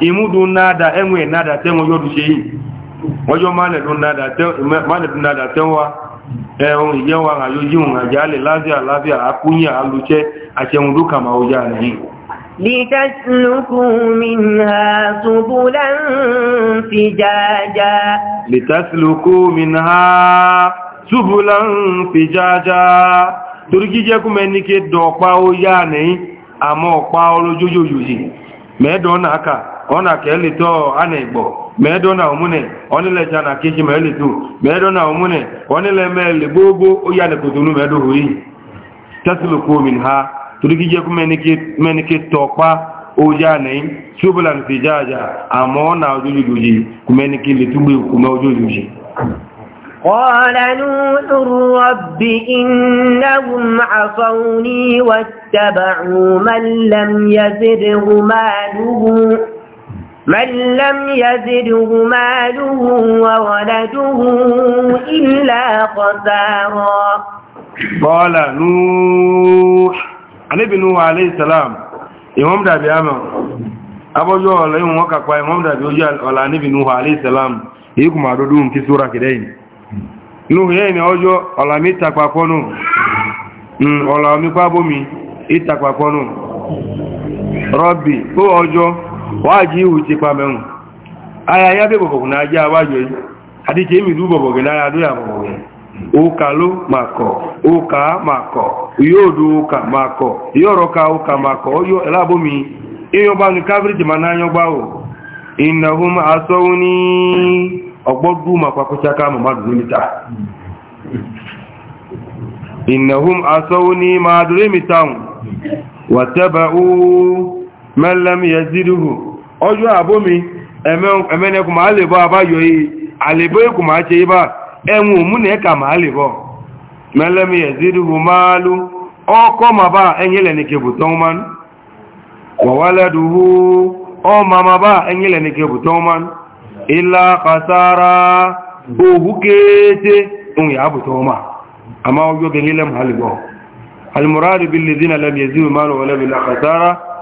imudu nada enwe nada tenwo yodu seyi ojo male dun nada te male dun nada tenwa e eh, o ye wa ga yoji un ga jale lazia lazia akunya aluche kama oja ni لتسلكوا منها سبلا فجاجا لتسلكوا منها سبلا فجاجا ترجي انك دوقا جوجو اكا ọna ka elito ana igbo meedo na omune onileja na kiji ma elitu meedo na omune onile meele gbogbo oya na kotonu meedo huri tasiluku min ha turikije ku menike tokpa oja na yi fi jaja amma ona ojojuji ku menike litugbe kuma ojojuji قال نوح رب إنهم عصوني واتبعوا من لم يزده ماله من لم يزده ماله وولده إلا خسارا قال نوح علي بن نوح عليه السلام imam dàbí àmà abọ́jọ́ ọ̀lá ìwọ̀n wọ́n kàpá imam dàbí ojú ọ̀lá níbi nuhu aleyhisselam èyí kùmà àdọ́dọ́ ohun kí sóra kìdẹ́ yìí nuhu yẹ́ ni ọjọ́ ọ̀lá mi takpapọ́nù ọ̀lá omi pábómi ìtakpapọ́nù rọ́bì tó ọjọ́ waji ihu chekwa menwu aya ya be bọbọgwụ na aja awajo yi adịcha emiri ụbọbọgị na aya o ya bọbọgị ụkalụ makọ ụka yodo ụka ụka ma n'anya ọgbawo inahum asọwu makwa ma mita mẹ́lẹ́m yẹ zíríhù ọjọ́ àbómi ẹ̀mẹ́nẹ́kù máa lè bọ́ àbáyọ yìí àlèbọ́ ikù máa ṣe ibá ẹ̀wùn múnẹ̀ẹ́kà máa lè bọ́ mẹ́lẹ́m ọkọ máa lú ọkọ́ ma bá ẹ̀yìnlẹ̀ ní kebù ma ma lè zínà lẹ́m yẹ zíríhù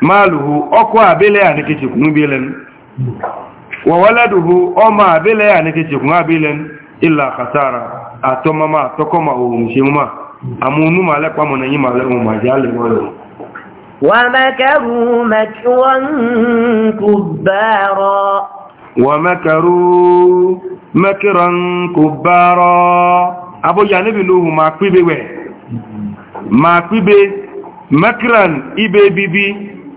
maaluhu ọkọ abẹ́lẹ̀ àníkẹ́sẹ̀kùn ya wọ̀wọ́lẹ́dùhù ọmọ abẹ́lẹ̀ àníkẹ́sẹ̀kùn atọmama atọkọma àkàtàrà àtọ́mọ́má àtọ́kọ́mà ohun mụ na àmúnú màálẹ́pàmọ́ nẹ̀yìn ma ji màjálẹ̀ wọ́lẹ̀ ومكروا مكرا كبارا ومكروا مكرا كبارا ma جانب له ما كبي ما كبي مكرا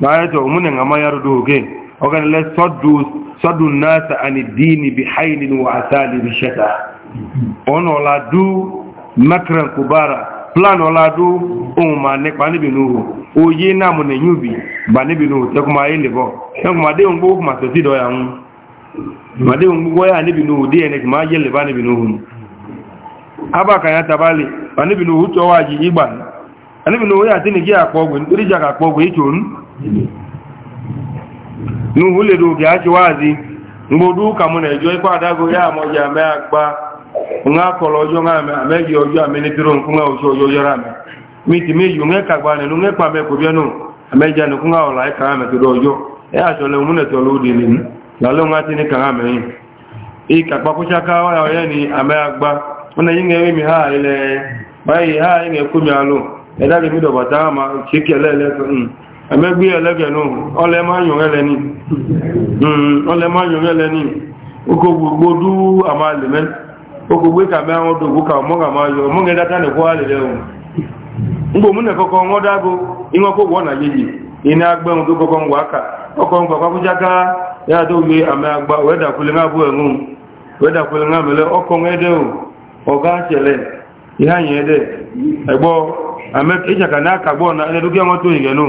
mayato munen ama yarudo ge ogan le saddu saddu nasa ani dini bi haylin wa asali bi shata ono la du makran kubara plan ola du o ma ne pa ni binu o ye na mu ne nyubi ba ni binu te kuma ile bo te kuma de on bo so ti do ya hun ma de on bo ya ni binu di ne kuma ye le ba ni binu hun aba kan ya tabali ba ni binu hu to waji igba ani binu ya ti ni ki apo ogun ri ja ka apo ogun ichun nuhu lere gaa a chịwazi mgbe odu ka m na-ejo ikwa adago ya amaghị ame agba nwa akọrọ ọjọọ nwa ameghị ọjọọ amenitiro nkụ nwa ojo ojo yọrọ ame miti meyi onwe ka gba na nwe kpa mekwu bịa nụ ameghị anụ nkụ nwa ọla ha mekedo ọjọọ ya achọla mụ na-etọla la nenu lala onwe atịnị ka ha mee ịka kpakwụcha ka ya onye ni ame agba mana yi nwe emi ha ile ma yi ha anyị na-ekwu mi alụ ịdaghị m dọbata ma ẹ̀mẹ́gbé ẹlẹ́gẹ̀ náà ọlẹ́ máa yùn ẹlẹ́ni hmm, oko gbogbo dú àmà lèmẹ́ oko gbé kàmẹ́ àwọn odò gbókà mọ́gà máa yọ mọ́gẹ́ dátà nìkọ́ àlèlẹ́ ohun ngbò múnẹ̀ kọ́kọ́ wọ́n dágó ìjàkà ọ̀nà wọn tó ìgẹ̀ náà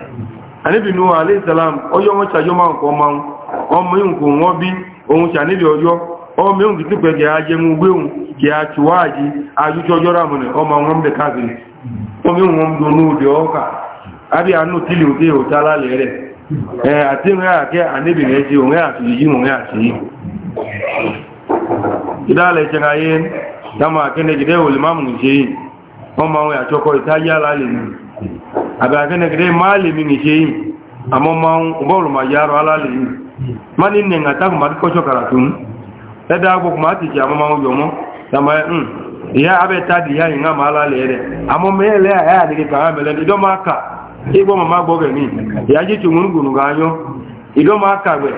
anibi nuhu alayhi salam ọjọ́ wọn ṣàjọ́ máa nǹkan ọmọ ọmọ ìhùnkù wọn bí ohun ṣàníbi ọjọ́ ọmọ ìhùnkù tí pẹ̀kẹ̀ ajẹun gbéhùn kí a ṣùwáàjí ajúṣọ́ ọjọ́ ràmùnẹ̀ ọmọ wọn bẹ̀ káàkiri ọmọ ìhùn wọn dùnú òdì ọkà àbí àánú tílì òdì òtá lálẹ́ rẹ̀ ẹ̀ àti ìrìn àkẹ́ àníbi rẹ̀ ṣe òun àṣìyí yí òun abakene kede malimi ngijeyi amoma ubolu majaro alali mani ne ngata kuma ko chokara tun eda ko kuma ti ja amoma uyomo tama um, ya abe di ya nga inga malale ere amoma ele ya ni ke kama mele ido maka igbo mama gbo ge ni ya ji chungun gunu ga yo ido maka gbe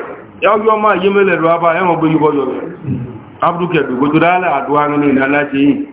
ya yo ma yimele ro aba ya mo bo yugo yo abdu ke du go dala aduwa ni na na ji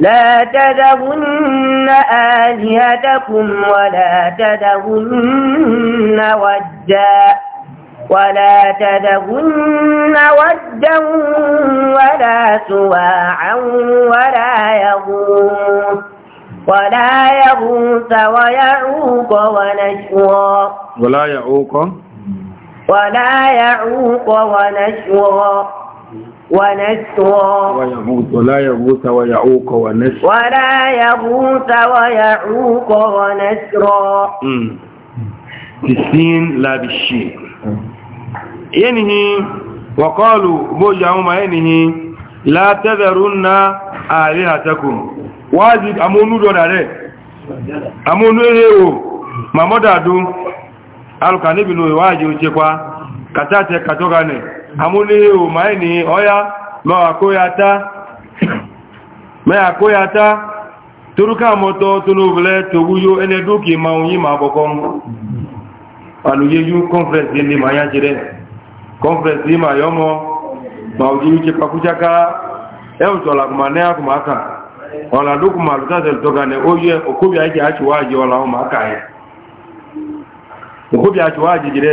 لا تدهن آلهتكم ولا تدهن ودا ولا تدهن ودا ولا سواعا ولا يغوث ولا يغوث ويعوق ونشوا ولا يعوق ولا يعوق ونشوا ونسرا ويغوث ولا يغوث ويعوق ونسرا ولا يغوث ويعوق ونسرا بالسين لا بالشين ينهي وقالوا بوجهما ينهي لا تذرن آلهتكم واجب أمونو دوناري أمونو إيهو ما مدادو ألقى نبنو واجب تكوا كتاتي كتوغاني amúlé o máa ní ọya mẹ́àkóyata torúká mọ́tọ́ tó ló bẹ̀lẹ̀ tòwúyó ẹni dúkì ma oyin ma bọ̀kọ́ alùyéyú conference ní ma yá jẹ́rẹ́ conference ní ma yọmọ ma òjìyú ṣe pakúṣáká ẹ̀ọ̀tọ̀lá kùmà ní àkùmà kà ọ̀làdókùmà lùtàṣẹ̀ tọ́gà ní ó yẹ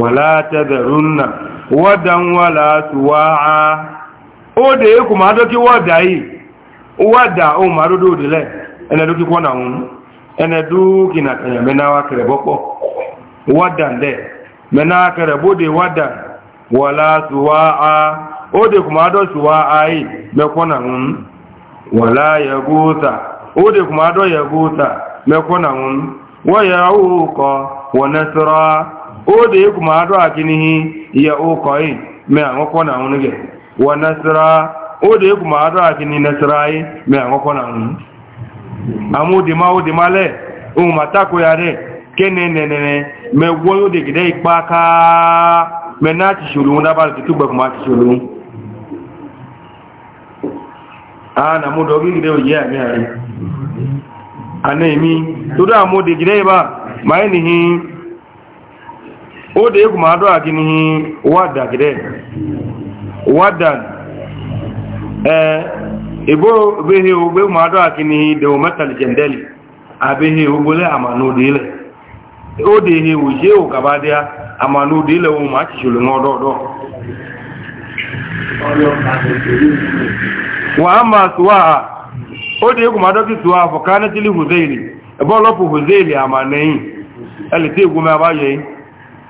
wala tadharunna wadan wala suwa'a o de ku ma wada yi wada o ma do do le ene do ki na un ene du na wa kere bopo wada nde me na kere de wada wala suwa'a o de kuma ma do suwa'a yi me ko na wala wala yagusa o de kuma ma ya yagusa me ko na un wa ya'uqa wa nasra ode egwu ma adụ akị n'ihi ya ụkọị mee aṅụkọ na nwunye gị nasara ode egwu ma adụ akị n'ihi nasara anyị mee aṅụkọ na nwunye amụ dịma ụdịma le ụmụ matako ya re kene nenene me gwọnyụ degide ikpa aka me na achịcha olu n'abalị tutu gbe kuma achịcha olu a na mụ dọ gị gide oyi ya mịarị a na-emi tụrụ amụ degide ịba ma anyị n'ihi o de kuma ado agini wada gide wada eh ibo behe o be kuma ado agini de o metal jendeli abehe o amanu dile o de he o je o kabadia amanu dile o ma ti sulu ngodo do wa amma suwa o de kuma ado ki suwa fo ebo lopu ele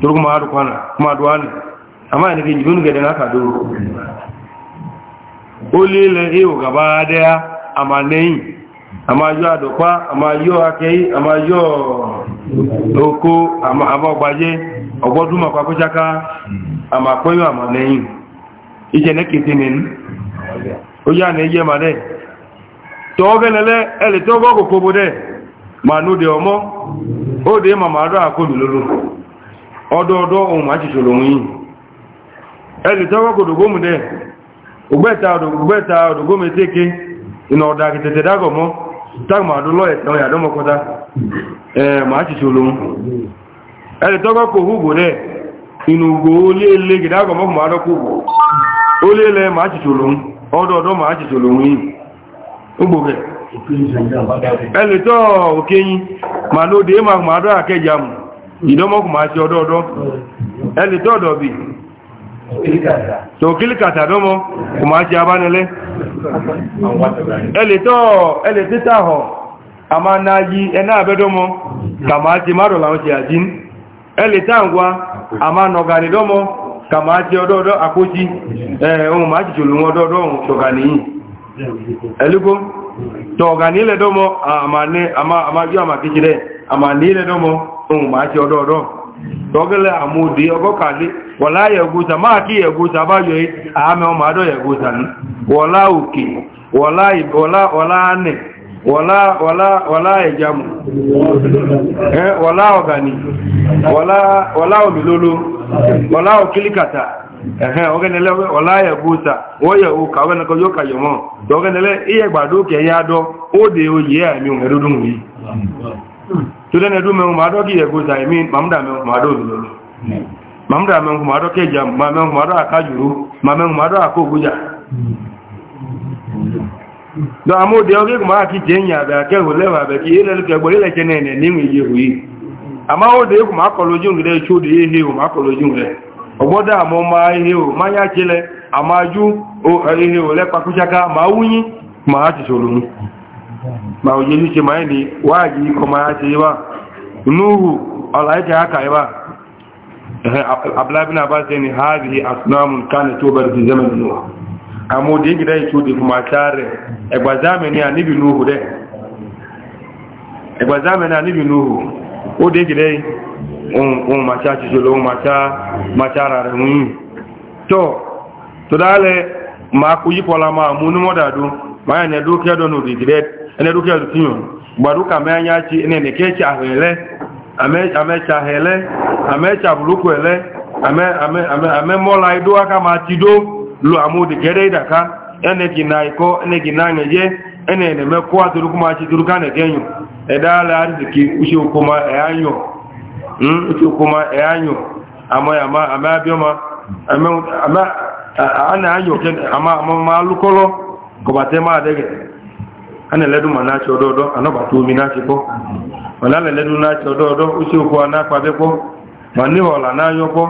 turu kuma haɗu kwana kuma haɗu wani amma yana ke jibin gadon haka doro olile iyo gaba daya a manayin a ma yi adokwa a ma yi akeyi a ma yi oko a ma gbaje ọgbọdun ma kwa kuchaka a ma kwayo a manayin ije na kitinin o ya na iye mane to oge lele ele to gogo kobo de ma no de omo o de ma ma ro akomi lolo ọdọọdọ ohun ma ṣiṣò lòun yìí ẹ̀rì tọ́wọ́kò dògómù dẹ̀ ògbẹ́ta ọdọ̀gómù tẹ́kẹ́ iná ọ̀dà àkìtẹ̀tẹ̀ dágọ̀mọ́ tágbàdó ma a lòun ẹ̀rì tọ́wọ́kò ẹ̀lẹ́tọ́ òkè yìí ma ló dé ma gbàdọ́ àkẹjà mù ìdánmọ́ kù máa ṣe ọdọ́ ọdọ́ ẹni tó ọ̀dọ̀ bí tó kílìkàtà dánmọ́ kù máa ṣe abánilẹ́ ẹni títà hàn a máa na yí ẹná àbẹ́dọ́mọ́ kà máa ti márùn láwọn ti àjín ẹni táǹgwá a máa nọ̀gà nìdọ́mọ́ kà máa ti ọdọ́ ọdọ́ àkójí ohun máa ti jùlù wọn ọdọ́ ohun tọ̀gà nìyí ẹlúgbó tọ̀gà nílẹ̀dọ́mọ́ a máa ní ilẹ̀dọ́mọ́ ohun ma ṣe ọdọ ọdọ tọ́gẹ́lẹ̀ àmúdí ọgọ́kà lé wọ́lá yẹ̀gúsà máa kí yẹ̀gúsà bá yọ àmì ọmọ àdọ́ yẹ̀gúsà ní wọ́lá òkè wọ́lá ànẹ̀ wọ́lá ẹ̀jàmù wọ́lá ọ̀gàní wọ́lá òmìnolo wọ́lá òkílíkàtà ọgẹ́nẹ̀lẹ́ wọ́lá yẹ̀gúsà wọ́ Hmm. tudene du me ma do giye goza i mamda ma do lo mamda me ma do ke jam ma me ma do akajuru ma me ma do akoguja do amu de oge ma ki jenya da ke ho lewa be ki ke ke ni mi ama o de ku ma ko loju ngire chu de ihe o ma ko loju ngire ma ihe o ma ya chile o o le ma wunyi ma ati solunu ma oye ni ṣe máa ní wáàjí ikọ̀ máa ṣe wá inúhù ọ̀láìkẹ́ aka ìwá abúlábínà bá ṣe ni haɗe asunamun kánà tó bẹ̀rẹ̀ sí zẹ́mẹ̀ nínú àmọ́ òdí gida ìtò dì kùmà sáàrẹ̀ ẹgbàzámẹ̀ ni a níbi núhù dẹ̀ ẹgbàzámẹ̀ ni a níbi núhù ó dé gida ohun màṣá ṣiṣẹ́ lọ ohun màṣá ara to wọ́n yìí tó tó dálẹ̀ máa kú yípọ̀ la máa mú ní mọ́dàdú máa yẹn dókẹ́ dọ́nù regret ene duka dukiyo gbaduka menya chi ene nekechi ahele ame a hele ame ame ame ame mola idu aka ma chido lu amudi gere daka ene gina iko ene gina ngeje ene ene mekwa duruku ma chi duruka ne genyu edala arziki ushi ukuma eanyo mm ushi e ama ama ama ama ana anyo ama ko ana ledu ma na cho dodo ana tu mi na chi ko wala le ledu na cho dodo usi ko ana pa be ko mani hola na yo ko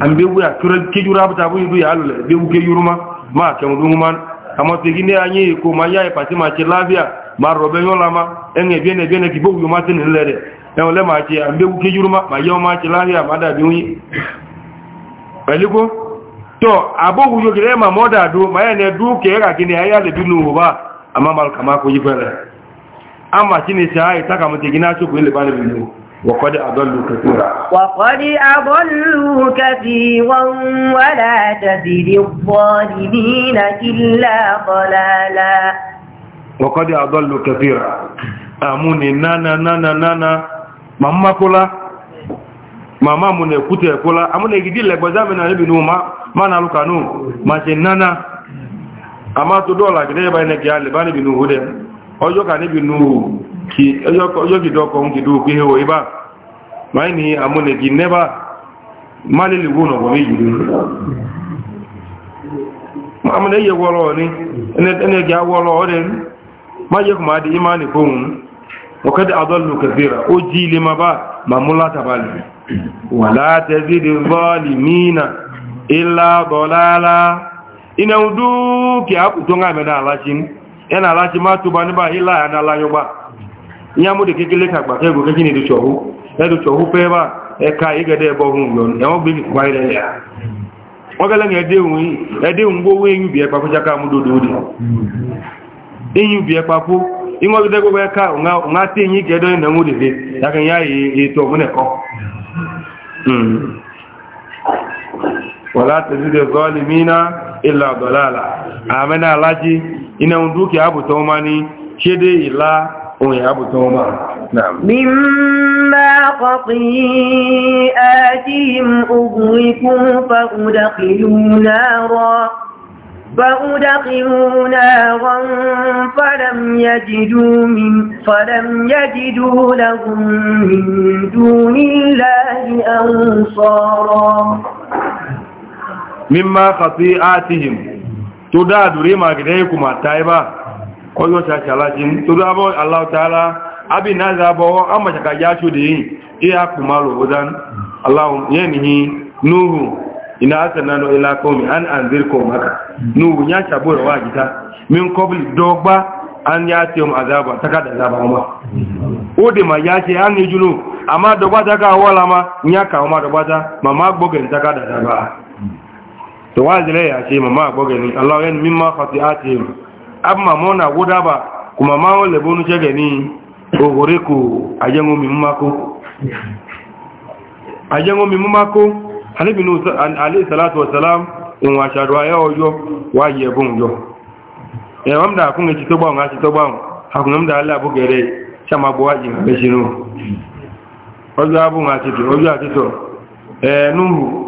ambe wu ya kure ke jura buta du ya lule be wu ke ma, ma ke mu dunguma ama te anyi ko ma ya e ma chi labia ma robe yo lama enge biene biene ki bo wu ma tin lere e ole ma chi ambe wu ke yuruma ma yo ma chi labia ma da bi wi peliko to abo wu yo gire ma moda du ma ene du ke ga gine ya le binu ba amma mal kama ko yi fara amma shine sai ta kama te gina su ko le bana bin wa qad adallu kathira wa qad adallu kathiran wa la tazidi adh-dhalimina illa dalala wa qad adallu kathira amuni nana nana nana mamma kula mama mune kute kula amune gidi le gbazamina le binu ma mana lukanu ma se nana àmá tó dọ́ọ̀lá gẹ́gẹ́ yẹba bi kí a lè bá níbi nù húdẹ ọjọ́ ka níbi ki ọjọ́ kìdọ́kọ̀ ń kìdó pé hẹ́wọ̀ ibá máa ní àmúnẹ̀kì nẹ́bà má lè lè wọ́n ọ̀pọ̀ méjì a wọ́rọ̀ ma bá màmúlá tàbálì wà látẹ̀ sí ilá dọ̀lálá ina wudu ki akuto nga me na alachi ena alachi matu ba ni ba ila ya na lanyo ba nya mu de kekele ka gba kego ke kini du chohu e du chohu pe ba e ka ige de bo hun yon e won bi ya o gele nge de un e de un gbo we yu bi e pa ko mu do do di eyu bi e mm illa dalala amena alaji ina unduki abu tawmani shede ila oyin abu tawma na'am mimma qati'atihim ughwikum fa udkhilu nara فأدخلوا نارا فلم يجدوا, من فلم يجدوا لهم من دون الله أنصارا mimma khati'atihim to da dure ma gidai kuma tai ta chalajin to da bo Allah ta'ala abi na za bo amma ya shu iya kuma Allah yanihi nuhu ina atanano ila qaumi an anzirkum haka nuhu ya shabura wa dogba an ya azaba taka da azaba ma ode ma ya ce an yi junu amma dogba taka wala ma nya ka ma dogba ta mama gbogen taka da azaba to wajire ya ce mama agbo ni Allah yan mimma fati ati ab mama na guda ba kuma ma won le bonu gani o gore ko ajengo mi mumma ko ajengo mi mumma ko halibi nu ali salatu wassalam in wa shadu ya ojo wa ye bun yo e wamda kun ci to ba nga ci to ba hakun amda Allah bu gere chama bo waji be shinu ojo abun ati to ojo ati to eh numbu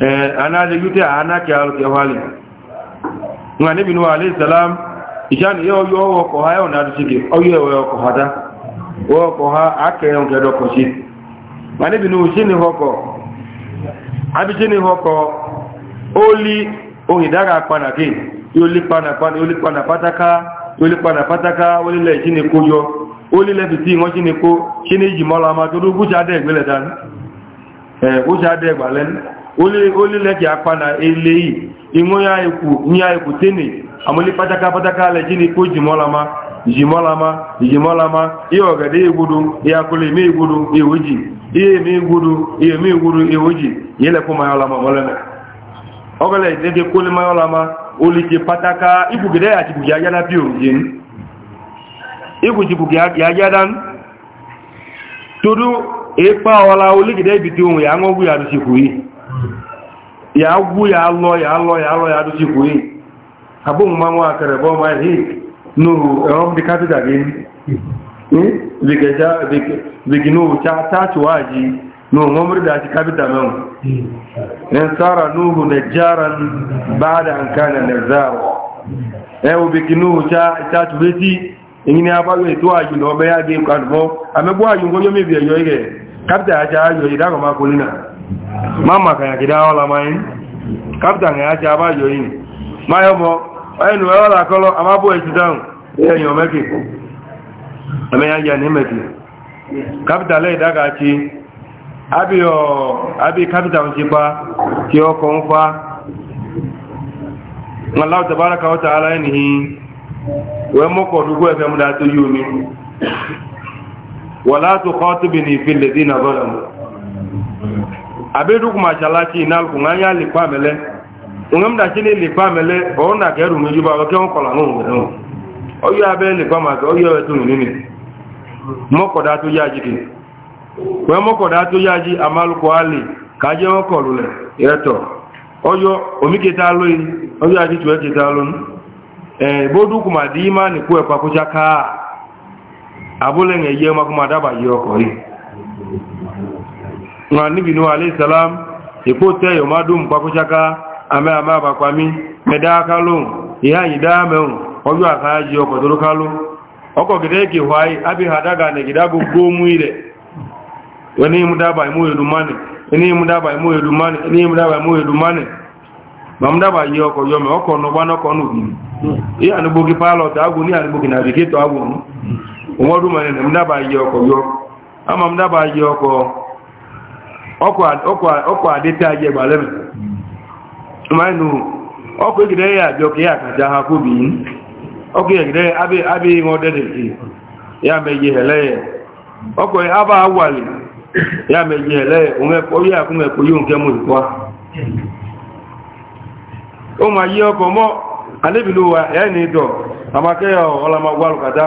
anajegute anake alukewali nga nabi nuhu alayhi salam ijan yo yo wo ko ha yo na dusiki o yo wo ko wo ko ha ake yo ke do ko si nga nabi nuhu sini abi sini oli o hidara pana ke yo li pana yo li pataka yo oli le sini ko ma to du de gbele dan eh de gbalen olilẹ́kì apana eléyìí inú ya ikú ní ya ikú tẹ́nì àmúlé pátákà pátákà alẹ́ jí ni kó jìmọ́lama jìmọ́lama jìmọ́lama iye ọ̀gẹ̀dẹ̀ ìgbódó iye akọlẹ̀ ìmé ìgbódó ìwòjì iye ìmé ìgbódó iye ìmé ìgbódó ìwòjì yẹlẹ̀ kó mayọ́lama mọ́lẹ́mẹ́ ọgọ́lẹ̀ ìdẹ́gẹ́ kólé mayọ́lama olùjẹ pátákà ibùgẹ̀dẹ̀ àti ibùgẹ̀ ayáda bí òjì ní ibùjì ibùgẹ̀ ya gwu ya alọ ya alọ ya alọ ya adụchi kwu yi abụ mmanwụ akara bụ ọma ihe nụrụ ẹ̀rọ dị kátìkà gị bìgì n'ohu tààtùwà ji n'ohu ọmọdé àti kápítà ya ẹn sára n'ohu na jára báadà nka na nàzàrọ̀ ẹwọ bìgì n'ohu tààtùwà sí ìyìn abáyọ̀ ètò àjù na ọbẹ̀ ya gẹ́ ya àmẹ́gbọ́ àjù ngọ́jọ́ mẹ́bí n'ina. mama kanya kida wala mai kapta nga acha abajo ini mayo mo ayo no wala kolo amabo e down ye nyo meki ame ya ya nemeki kapta le daga chi abi o abi kapta unji pa ti o ko nfa Allah tabaraka wa ta'ala inhi we mo ko dugo e fe mu da to yumi wala tuqatibni fil ladina zalamu abedu kuma jalaki nal ku nganya li pamele ngam da chini li pamele o na geru mi juba ba keon kola ngo ngo o yo abe li pama o yo etu ni ni moko da tu yaji ki we moko da tu yaji amal ku ali ka je o kolu le yeto o yo omi ke ta lo yi o yo aji tu e ke ta lo eh bodu kuma di ma imani ku e pa ku jaka abule ngeye ma kuma daba yi oko yi nga a ní alẹ́ a ìkó tẹ́ yóò má dùn pàkúṣaká àmẹ́ àmẹ́ àbàkwami mẹ́dáká lóhùn ìyá ìdá mẹ́hùn ọjọ́ àkáyájí ọkọ̀ tó lóká ló ọkọ̀ gẹ̀dẹ́ kì wáyé ábí àdága nẹ̀gẹ̀dá gbogbo mú ilẹ̀ ẹni mú dábà ìmú èdù mánì ẹni mú dábà ìmú èdù mánì ẹni mú dábà ìmú èdù mánì màmú dábà yí ọkọ̀ yọmẹ ọkọ ní ọmọdún mú dábà yọ ọkọ̀ àdẹ́tẹ́ ajẹ́ ìgbàlẹ́mẹ̀ mẹ́nu ọkọ̀ ìgbẹ̀rẹ̀ àjọ kí àkàjá ha kó bí i ya mẹ́jẹ ẹ̀lẹ́yẹ ọkọ̀ àbá ya mẹ́jẹ ẹ̀lẹ́yẹ orí àkúnmẹ̀kọ́ yóò nke mú ìpọ́ ó ma yí ọkọ̀ mọ́ alébìlú ẹ̀ ní ìdọ̀ àmàkẹ́yà ọlọ́mọgbọ́ alùkàdá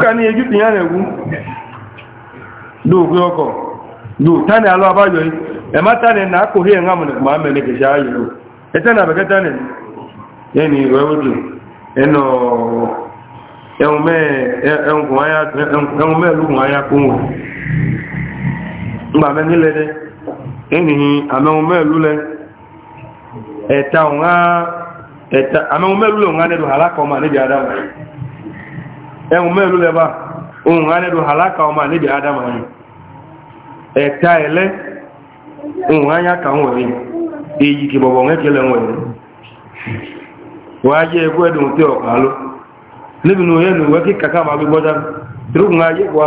ka ní ejú tìyàn rẹ̀ wú na ọkọ̀ dóò tánì alọ́ abájọ́ yìí ẹ̀má tánì náà na rí ẹ̀ngá mọ̀ mẹ́lẹ̀ kẹsẹ̀ ayé lọ ẹ̀tẹ́nà àbẹ̀kẹ́ tánì ẹni ẹni àmẹ́hùn mẹ́ẹ̀lú ẹ̀hùn mẹ́lú lẹ́bà ohun anẹ́dù halaka ọmọ níbi adama yìí ẹ̀ta ẹ̀lẹ́ ohun anyaka wọn rí èyí kì bọ̀bọ̀ mẹ́kẹlẹ̀ wọn rí wọ́n ayé ẹgbẹ́ ẹ̀dùn tí ọ̀pá ló níbi ní oyé kàkà máa gbígbọ́dá tírùkùn ayé wà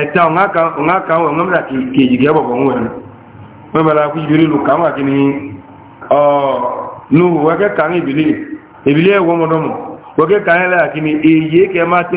ẹ̀ta ọ̀nà kan wọ̀n mọ́mọ́lá kejì gẹ́bọ̀bọ̀ ń wẹ̀rẹ̀ mọ́mọ́lá kú ìbílẹ̀ lù kàwọn àti ní ọ̀nùhù wọ́kẹ́ kàwọn ìbílẹ̀ ìbílẹ̀ ẹ̀wọ̀n mọ́dọ́mọ̀ wọ́kẹ́ kàwọn láti ní èyí kẹ máa tí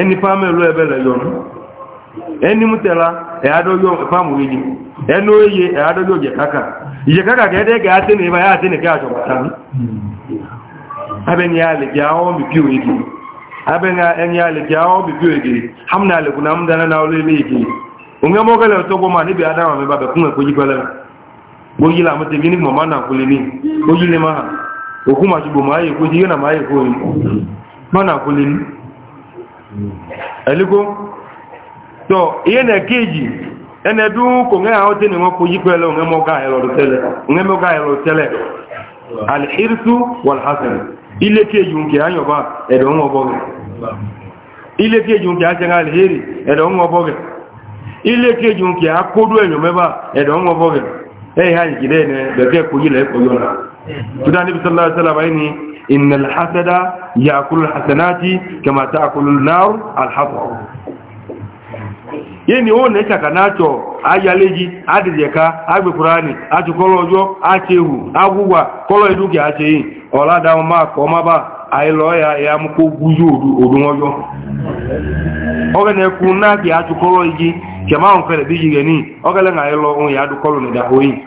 ẹni pàmẹ́lú ẹbẹ̀ rẹ̀ yọnu ẹni mútẹ́lá ẹ̀ádọ́yọ pàmù yìí ẹni oye ẹ̀ádọ́yọ jẹ̀káka ìjẹ̀káka kẹ́ẹ̀dẹ́gẹ̀ átẹ́nìyàn átẹ́nìkẹ́ àṣọ̀pàtàmí abẹ́ni alẹ́gẹ̀ àwọn mìpí òyìnbí abẹ́ni ẹni alẹ́gẹ̀ àwọn mìpí òyìnbí hamna alẹ́kùn náà múdáná náà olóyìn èdè òun ẹmọ́ gẹ́lẹ̀ ọ̀tọ́gbọ́ máa níbi yẹ mọ́nà lè ní elugo to ihe na-ekeji eneduko nge ahụ dị na nwe kwụji kwele onwe moga ahịlọ tele al'irsu wal hasan ile keji nke anya ọba edo nwa ọbọgị ile keji nke aja nga alheri edo nwa ile keji nke akodu enyo eyi إن الحسد يأكل الحسنات كما تأكل النار الحطب yéni ó ní ṣàkà náà tọ̀ ayáléjì adìyẹ̀ká agbèkúránì àti kọ́lọ̀ ọjọ́ àti ewu agbúgbà kọ́lọ̀ ìdúkẹ̀ àti èyí ọ̀ládáwọn máa kọ́ máa bá àìlọ́ọ̀yà ẹ̀yàmúkó gúúsù òdúnwọ́jọ́ ọgẹ́nẹ̀kún náà kì á tukọ́lọ̀ igi kẹmáà ń fẹ́rẹ̀ bí yìí rẹ̀ ní ọgẹ́lẹ́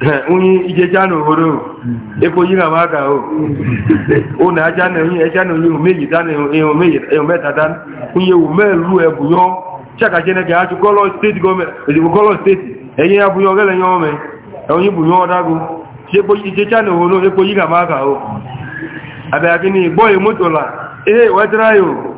<laughs> onye ijeja hmm. na ohoro ebe onye aka o na aja na onye eja na onye omeyida na eometada onye omelu ebunyo chaka chineke achụ ezigbo kọlọ steeti enye ya bunye ogele nye ome e onye bunye ọdagụ ijecha na ohoro ebe onye ga aka o hmm. abịa gị na igbo emotola ee wetara ya o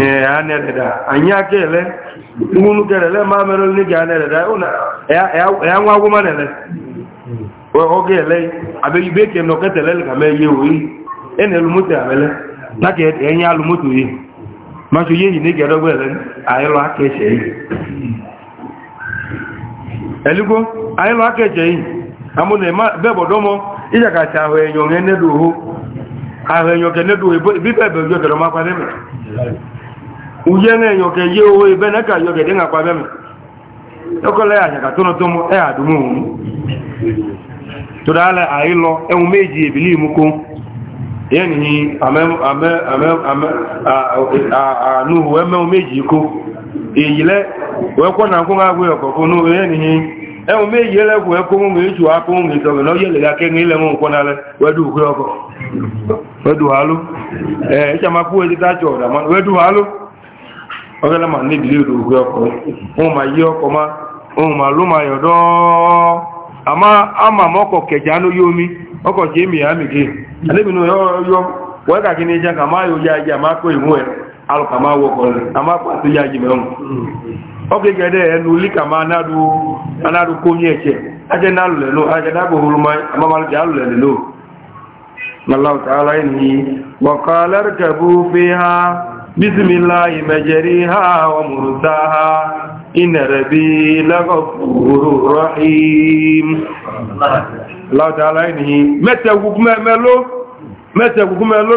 ee anẹrẹdà anyị aka ele nwunu kerele ma mere onye ga anẹrẹdà ya nwa e, e, e, agwụma nele oge ele abeghibe ke na oketelele ka mee ihe oyi ena elumoto abele na ka enye alụmoto yi maka ihe ehi na ike dogbo ele ayịlụ aka eche ayịlụ aka eche yi amụ na ebe obodo mọ ịja kacha ahụ enyo onye nnedo oho ààrẹ ẹ̀yọ̀kẹ́ nẹ́kẹ̀ bíbẹ̀bẹ̀ yọ̀kẹ̀ lọ máa pa mẹ́mẹ̀ òye ń ẹ̀yọ̀kẹ́ yé owó ibẹ̀ nẹ́kà yọ̀kẹ̀ dé pa mẹ́mẹ̀ ẹkọ́lẹ̀ àṣàkà tónú tó mú ẹ̀ àdúmù òun tó dáálẹ̀ àìlọ ẹ̀wọ̀n méjì ẹlẹ́kùn ẹkọ́ mú mi jù ápọ́ mú mi tọ̀rọ̀ lọ́yẹ̀ lè ga kẹ́ni ilẹ̀ wọn kọ́nà rẹ̀ wẹ́dù ọkọ, ọkọ̀ wẹ́dù hálú ẹ̀ ìṣàmà kú ẹjẹ́ tájọ ọ̀dà máa wẹ́dù ọkọ ọgẹ́lẹ́ máa ní ìdílé òdò òkú ọkọ̀ wọn máa yí ọkọ̀ má wọn máa ló máa yọ̀dọ́ àmá àmà kẹjà ló mi ni yọ oge gede enu lika ma anadu anadu konye eche aje na lule lo aje da gohuru ma amamal ja lule lo Allah ta'ala inni wa qala irkabu fiha bismillahi majriha wa mursaha inna rabbi laghafurur Allah ta'ala inni mete gugume mete gugume lo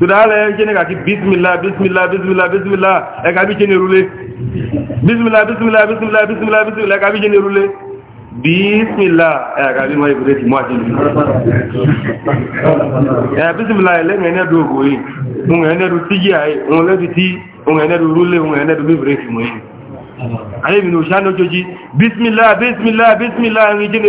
tudala yake ne kaki bismillah bismillah bismillah bismillah e ka bi jene bismillah bismillah bismillah bismillah bismillah e ka bi jene rule bismillah e ka bi moy bure ti mo e bismillah le ngene do go yi un ngene do ti ji ti un ngene do rule un ngene do bi bure ti mo bismillah bismillah bismillah ngi e jene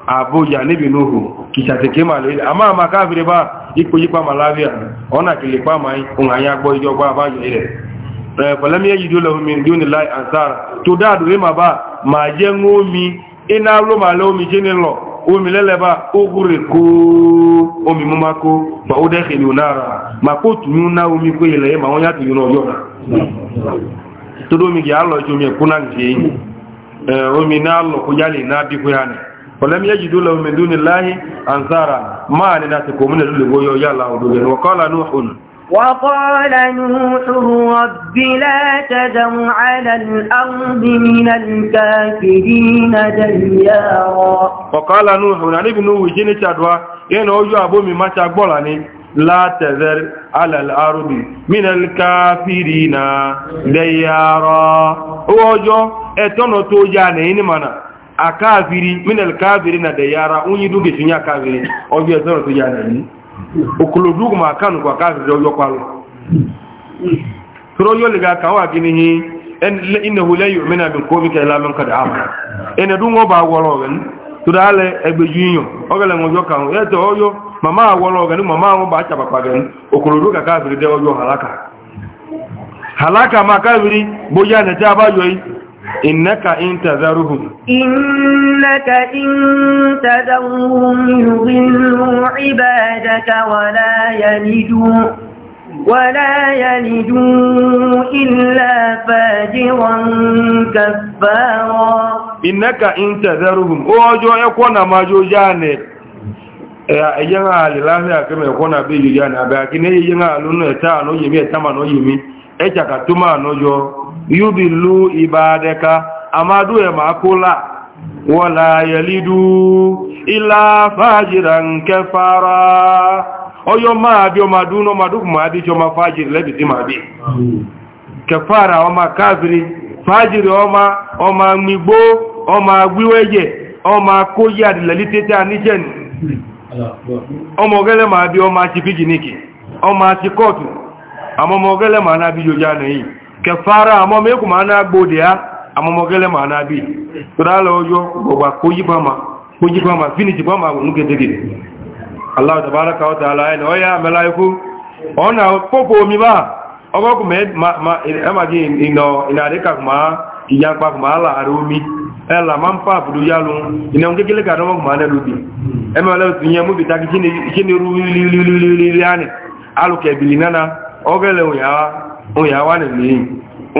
abuja níbi nuhu kìsàtẹ̀kẹ́ ma lè àmá àmá káàkiri bá ipò malaria ọ̀nà kìlì pa ma ohun àyà gbọ́ ìjọba àbájọ rẹ̀ pẹ̀lẹ́mí èyí dúró lọ́wọ́ mi ní láì àǹsára tó dáàdù rí màbá ma jẹ́ omi iná ló ma lé omi omi lẹ́lẹ́bá na omi ma ó omi lọ omi náà yálè náà bí ولم يجدوا له من دون الله أنصارا ما لناتكم من الولي يا الله وقال نوح وقال نوح رب لا تدم على الأرض من الكافرين ديارا وقال نوح نعرف نوح جيني تدوى ينو يعبو مما تقبلني لا تذر على الأرض من الكافرين ديارا هو جو اتنو توجاني منا akaviri minel kaviri na dayara onye duge tunya kaviri ojo zoro tunya na ni okolodugu ma kanu kwa kaviri ojo kwalo tro yo ya kawa gini hi en ya la yu'mina bi qawmika ila man qad amana ene ọba ba woro wen tudale egbeju yin ogele ngojo ya yeto oyo eh, mama woro mama ba chaba kwa gan okolodugu kaviri de ojo halaka halaka ma kaviri boya ya ta ba yoyi innaka in tazaruhum innaka in tazaruhum yudillu ibadaka wa yalidu ولا يلدوا إلا فاجرا كفارا إنك إن تذرهم أوجو يكون ما جوجاني ẹ̀yẹ́n àlèláfíà kẹ́mẹ̀ ẹ̀kọ́nà bí yìí yà ní àbẹ̀ àkínẹ́yẹ́ yìí yìí àlónà ẹ̀ta ànóyìmí ẹ̀tàmà ànóyìmí ẹ̀ṣàkà tó máa náà yọ yubilu ibadaka amadu ya makula wala yalidu ila fajiran kafara oyo ma bi o madu no madu ma bi jo ma fajir lebi si ma bi kafara o kafiri fajiri o ma o ma migbo o ma gwiweje o ma ko ya lelite ta ni jen ọmọ gele ma bi o ma ti pijiniki o ma kẹfàárà àmọ́ ma, máa náà gbòdì á àmọ́mọ́gẹ́lẹ́ máa náà bí tọ́dálọ ọjọ́ gbogbo kójípàmà fínìtì pàmà ní gẹ́gẹ́gẹ́ aláwọ̀ tàbára káwọ́ta aláyẹni ọya Ọ ọ̀nà pọ́pọ̀ omi bá ọgọ́kù mẹ́màgí ìnàríkà kùmá ìyapa kùmá láàrin omi ẹ̀là máa ń pà àbúrú yálù ìnà gẹ́gẹ́lẹ́ onye awa na-emeyi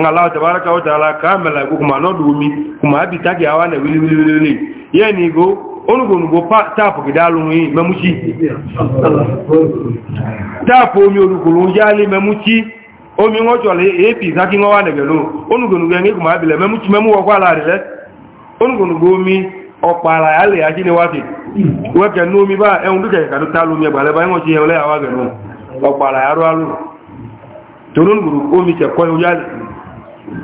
nga la tabaraka wa taala ka mala ko kuma no dumi kuma abi taki awa na wili wili wili ye ni go onu go go pa tapo gidalu ni memuchi tapo mi oru ko lo memuchi omi won jo le epi taki won wa na gelo onu go go ngi kuma abi le memuchi memu wo kwa la re le onu go go mi opara ale aji ni wafi weke no mi ba e un duke ka do talu mi gba le ba won ti awa gelo opara aro alu torí gbùrù omi ìṣẹ̀kọ́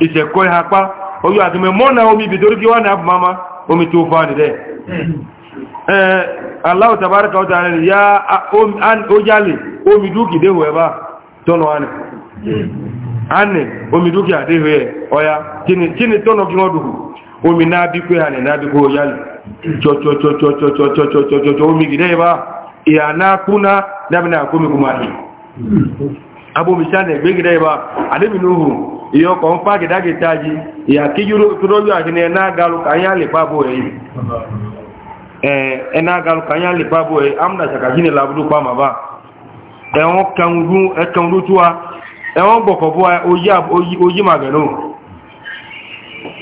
ìṣẹ̀kọ́ ìhapá oyó àtúnmẹ̀ mọ́nà omi ìbìdórí kí wọ́n ní àbùmámá omi tó fà ní rẹ̀ aláwọ̀ tàbárí kàwọ́ta rẹ̀ ya ó omi dúkì déhù ẹ̀bá tọ́nà ánì ánì omi dúkì àdéhù ẹ̀ ọya kí ni tọ́nà kí wọ́n dùkù omi náà pé ànì kó omi na abomisha na egbe gida ba adabi nuhu ihe ọkọ mfa gida gita ji ya kijuru turobi aji na ena agalu ka anya lipa bụ eyi ee ena agalu ka anya lipa bụ eyi amna shaka ji nila abudu kpama ba ẹwọn e, kanru ẹkanru e, tuwa ẹwọn e, gbọkọ buwa oyi magano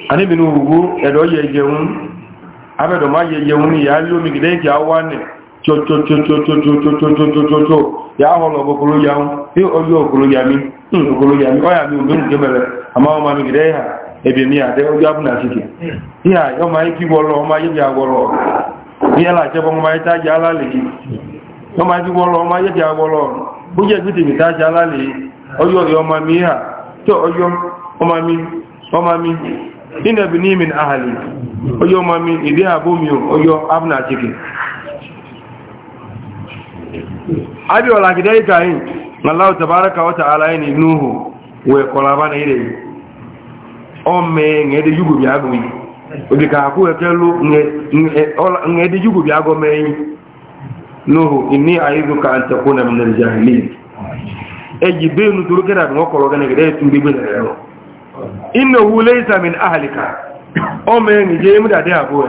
adabi nuhu wu ẹdọ yẹ jẹun abẹdọ ma yẹ jẹun ni ya lomi gida ike awa ne tsotsotsotsotsotsotsotsotsotsotso ya xɔlɔ kokolo ya ŋu ye ɔyɔ okolo ya mi ŋun ya mi ya ala ya mi ahali mi ìdí abo mi o ɔyɔ abu abi wala gidai kayin Allah tabaraka wa ta'ala yin nuhu we kolaba na ire omme ngede yugo bi ago yi obi ka ku ekelu ngede yugo bi ago me nuhu inni aiduka an takuna min al-jahilin eji benu turukera ngo kologa ne gidai tumbi bi lero innahu laysa min ahlika omme ngede mu da da abuwa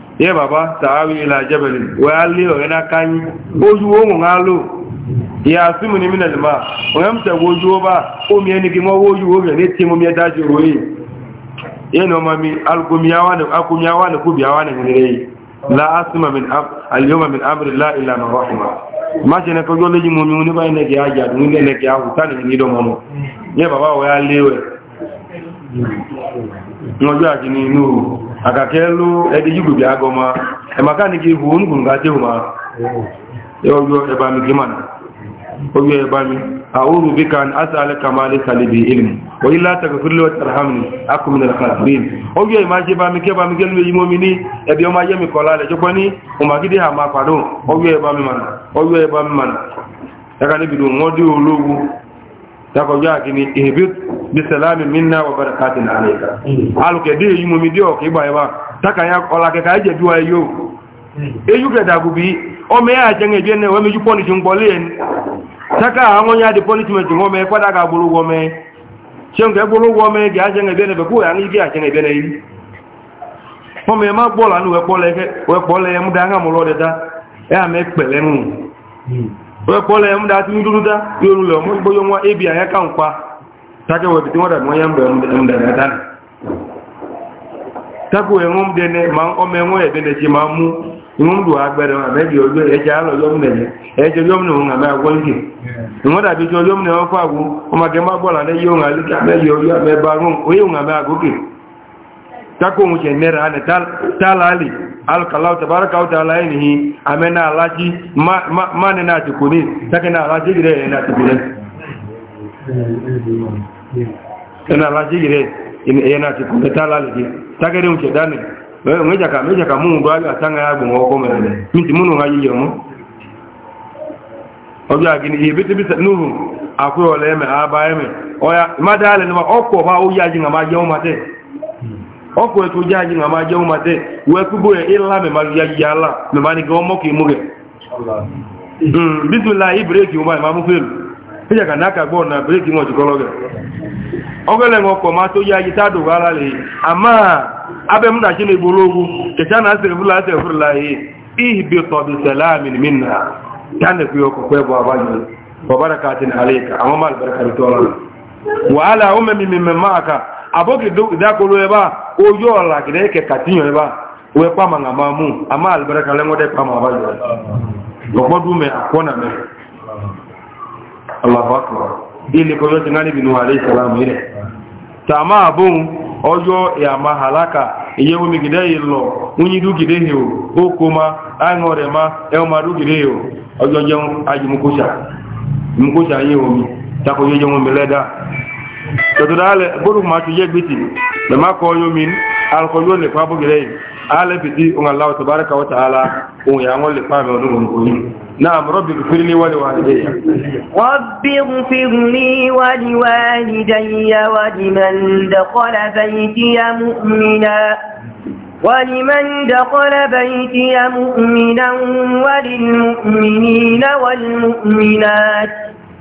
ye baba taawi ila jabalin wa ali o ina kanyi oju o mu ngalo ya simu ni minal lima. o yam ta oju o ba o mi eni ki mo oju o ne ti mo mi da ju o yi ye no mami alkum yawana akum yawana ku bi yawana ni rei la asma min am al yawma min amri la illa man rahima ma je ne ko jole ji mo mi ni ba ne ki aja ni ne ne ki awu tani ni do mo ye baba o ya lewe ngoja ajini nuru akaka elu ede yigubi agoma emaka ni ki hun gun ga jehuma yoyo eba mi gimana oyo eba mi a'udhu bika an as'aluka ma laysa li bi ilm wa illa taghfir li wa tarhamni aku min al khasirin oyo ma je ba mi ke ba mi gelu yi momini ebi o ma ye mi kola le jopo ni o ma gidi ha ma pado oyo eba mi mana oyo eba mi mana daga ni bidu ngodi ologu tako na kini ihbit bi salamin minna wa barakatin alayka alu ke de yimu mi o ba wa taka ya ka je duwa yo hmm. ke da o me ya je ngeje ne o me ju poni ju ngbo le en taka awon ya de punishment ngo me kwada ga buru wo me se nge buru me ga je ngeje ne be ku ya ni ga je ne o me ma gbo la nu we gbo ke we mu da nga a me onye kpọla ya m datụ nduruda yorula mgbonye nwa ebi anya ka nkwa taka webite nwada onye taka wee nwụ m dene ma ome nwe edenechi ma mụ iwu m duwa ma meji ojo eje alọ yọm agwọ bi na onye tako mu nera ne talali alkalau tabaraka wa ta'ala yanihi amena alaji ma ma ne na tukuni take na alaji gire na tukuni ina alaji gire yana tukuni talali ki take mu ke dane wewe mweja ka mweja ka mungu ali atanga yabu ngoko mele miti munu ngaji yomo ọjọ́ àgìní ìbítibítà núhù àkúrò ọ̀lẹ́mẹ̀ àbáyẹ́mẹ̀ oya ìmádàálẹ̀ ni wọ́n ọkọ̀ bá ó yájí ma máa ọkụ etu ji anyị na ama ọmụma mate wee kugbo ya ịla ya ala memanị gị ọmọ ka ịmụ gị mm, bismillah i breki anyị ma mụ felu ịja ka n'aka gbọọ na breki nwa jikọrọ gị ọgọle nwa ọkọ ma to ya taa ta ala lee ama abe m na chi na ogwu kecha asịrị asịrị ihe ihi bi ụtọ na ya na ekwe ọkọ bụ ọbara ka aka aboki do da ko lo ba o yo la gide ke katinyo ba we pa ma ngama mu ama albaraka le ngode pa ma ba yo lo ko du me akona me Allahu akbar ile ko yo ngani binu alayhi salam ile tama abun ojo ya ma halaka iye omi gide ilo unyi du gide he o okoma anore ma e ma du gide o ojo jeun mukusa, mukusa yin omi tako yo jeun mi leda tẹ̀tọ̀dálẹ̀ gbọ́dọ̀ máa tún yẹ gbìtì lẹ́mà kọ́ yomi alkọ́ yóò lè pa bókèrè yìí alẹ́ fìdí ohun aláwọ̀ tó bára kàwọ́ tààlà ohun ìyàwó lè pa àmì ọdún òun نعم رب اغفر لي ولوالدي رب اغفر لي ولوالدي ولمن دخل بيتي مؤمنا ولمن دخل بيتي مؤمنا وللمؤمنين والمؤمنات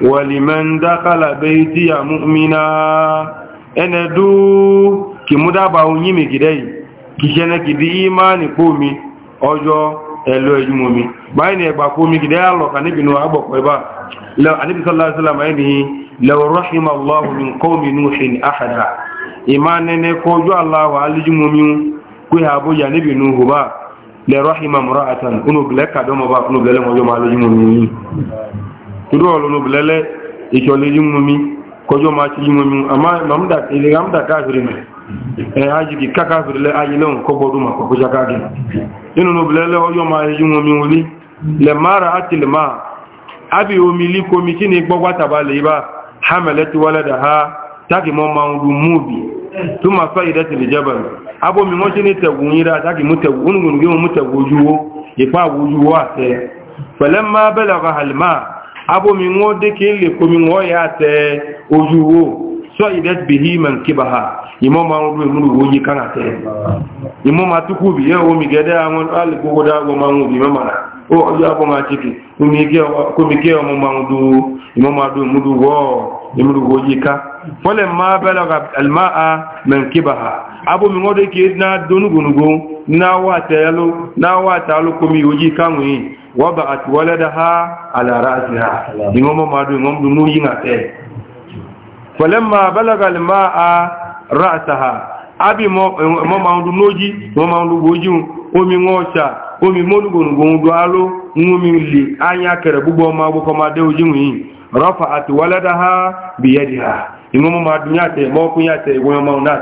waliman dakala baiti ya mu'mina ene du kimuda ba unyi mi gidei kishene kidi imani kumi ojo elo ejumu mi bayni e ba kumi gidei allo kani binu ba la anabi sallallahu alaihi wasallam ayni law rahima allah min qaumi nuh ahada imani ne ko jo ha ya ni binu huba la rahima mar'atan unu turu ọlọ́nà bilẹ́lẹ́ ìṣọ̀lẹ̀ yíwọ́mí kọjọ́ máa ṣe yíwọ́mí ìlẹ̀gámdà ma kọkọjá káàkiri nínú bilẹ́lẹ́ ọjọ́ máa ṣe yíwọ́mí wọlé lẹ mara àti lẹ máa abi omi líkomi kí ni gbọ́gbátàbà lè bá hamẹ̀lẹ́ ti wálẹ̀ dà ha táàkì mọ́ máa ń rú múùbì tó máa fẹ́ ìdẹ́tì lè jẹ́bà abomi wọ́n ṣe ní tẹ̀wù tegu táàkì mú tẹ̀wù onígbòǹgbò mú tẹ̀wù ojú wo ìpá àwòjú wo àtẹ pẹ̀lẹ́ máa abomi ŋo deke le komi ŋo ya tɛ oju wo sɔ dɛ bihi man kiba ha imo ma ŋo munu wo yi kan ka tɛ imo ma tuku bi ye o mi gɛ dɛ aŋo ali koko da aŋo ma ŋo bi ma na o ɔju abo ma tiki ke komi ke ɔmo ma ŋo du imo ma du mudu wɔ imudu wo yi ka fɔlɛ ma bɛlɛ ka alima a man kiba ha abomi ŋo deke na donugunugu na wa tɛ yalo na wa tɛ alo komi o yi kan ŋo ye. وضعت ولدها على رأسها إمام مادو إمام دمو ينغتين فلما بلغ الماء رأسها abi mo noji mo maundu boju omi ngocha omi monugo ngundu alo ngumi li anya kere bugo ma bu ko ma de oju yi rafa'at ma ma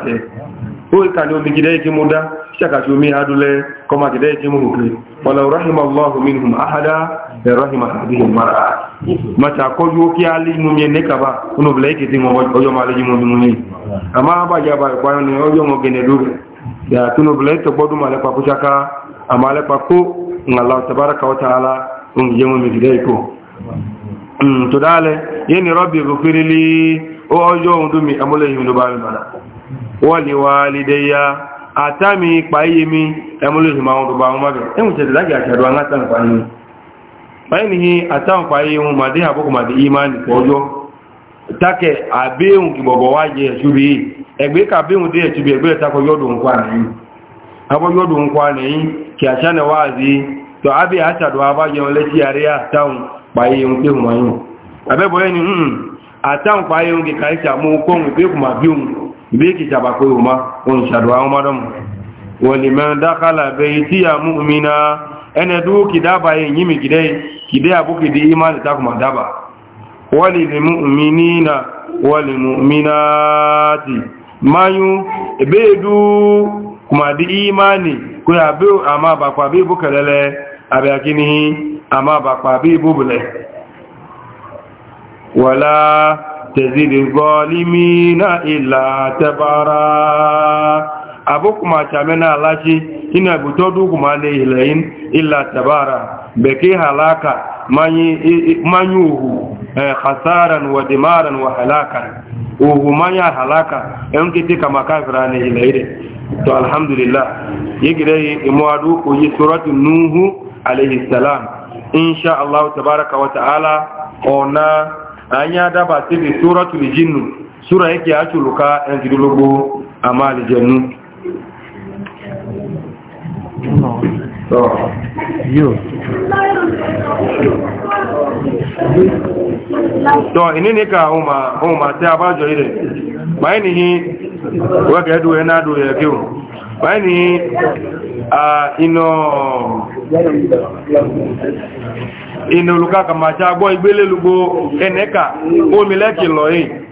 o ṣàkàtí omi adule kọmọ àtìdẹ́ ìkí mú nìkiri wọ́la rahim allahu minhum ahada da rahima ahadihi mara mata kọjú ó kí a lè inú yẹn nẹ́kàbá inú bìlẹ̀ ìkìtì ọjọ́ máa lè jí mú nínú ní àmá bàjá bá ìpáyọ́ ni ọjọ́ mọ̀ gẹ̀nẹ̀ lórí yàtúnú bìlẹ̀ ìtọ̀gbọ́dún máa lẹ́pa kó ṣaká àmà lẹ́pa kó ńlá tabaraka wa ta'ala ń jẹ́ mú mi dìde ìkó hmm, tó dáálẹ̀ yẹn ni rọ́bì ìfòfirili ó ọjọ́ òun dún mi amúlẹ̀yìn ló mi mọ̀nà wọ́n lè wá atami kpayemi emuluhi ma ọdụ gbanwụ mmadụ enwuchere dagi achadụ anata mkpanyị kpanyị n'ihe ata mkpanyị nwụ ma dịghị abụkụ ma dị ime anyị ka ọjọọ take abewu gbọgbọwa ji echubi egbe ka abewu dị echubi egbe takwa yọdụ nkwa na yi abọ yọdụ nkwa na yi ki acha na wazi to abi achadụ aba ji ole ti yari ya ata mkpanyị nwụ ke hụmanyi abebọ enyi ata mkpanyị nwụ gị ka ịcha mụ kwọ nwụ ke hụma bi nwụ biki jaba ko ma on shadwa ma dum wali man dakhala baytiya mu'mina ana duki daba yin yimi gidai kidai abuki di imani ta kuma daba wali lil mu'minina wali mu'minati mayu ebedu kuma di imani ko ya be ama ba kwa bi bukalele abi akini ama ba kwa bi wala tẹ̀síri gọ́ọ̀límí náà ìlà tẹbára abúkùnmà sàmẹ́nà aláṣí inú ẹ̀bùtọ́ dúkùnmà ní ilẹ̀ ìlà tẹbára bẹ̀kẹ́ halaka mányú òhù hasaran wa dimaran wa halaka òhù mányá halaka ẹn kété kama káfìrà ní ilẹ̀ ìdẹ̀ to alhamdulillah yígirẹ́ imọ́ adú òyí sọ́rọ̀tù núhù alayhi salam insha Allah anya daba tibi suratul jinnu sura yake ya culuka yan gidulogo a malijannu oh. to ini ne ka homa homa ta abajo ire bayani ni waka yadu yana do ya kiwo bayani a ah, ino ìnà olùkà kàmàṣà gbọ́ ìgbélélúgbò ẹnẹ́kà omi lẹ́kì lọ́yìn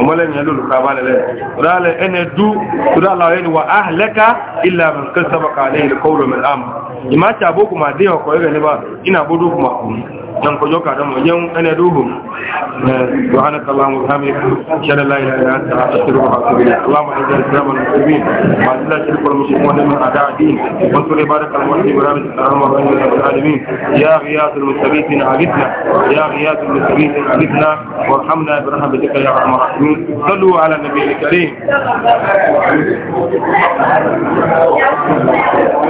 وملن يلول كابال له قال ان دو قال الله ان واهلك الا من قد سبق عليه القول من الامر ìmáṣà bó kùmà dé ọkọ̀ ẹ̀rẹ̀ níbà iná bódó kùmà kùn yan kọjọ́ kàdánmọ̀ yẹn ẹni ẹdóhùn ṣùgbọ́n kalamu hamid ṣẹlẹ̀ láyé láyé láti àṣírò àkùnrin aláwọ̀ ẹgbẹ́ ìsìlámù alùsùlùmí masu láti rí kọlu musulmi wọn lẹ́mọ̀ àdá àdín ní ibrahim sàrámà bá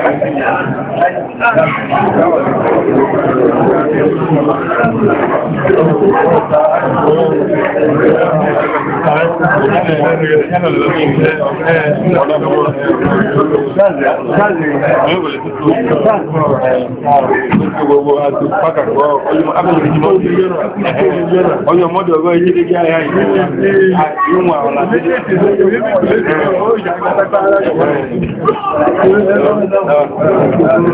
Thank you. Ọjọ́ mọ́dé ọgọ́ ilé gẹ́gẹ́ ayá ìgbẹ̀rẹ̀ àti ìwọ̀n àwọn àti ìgbẹ̀rẹ̀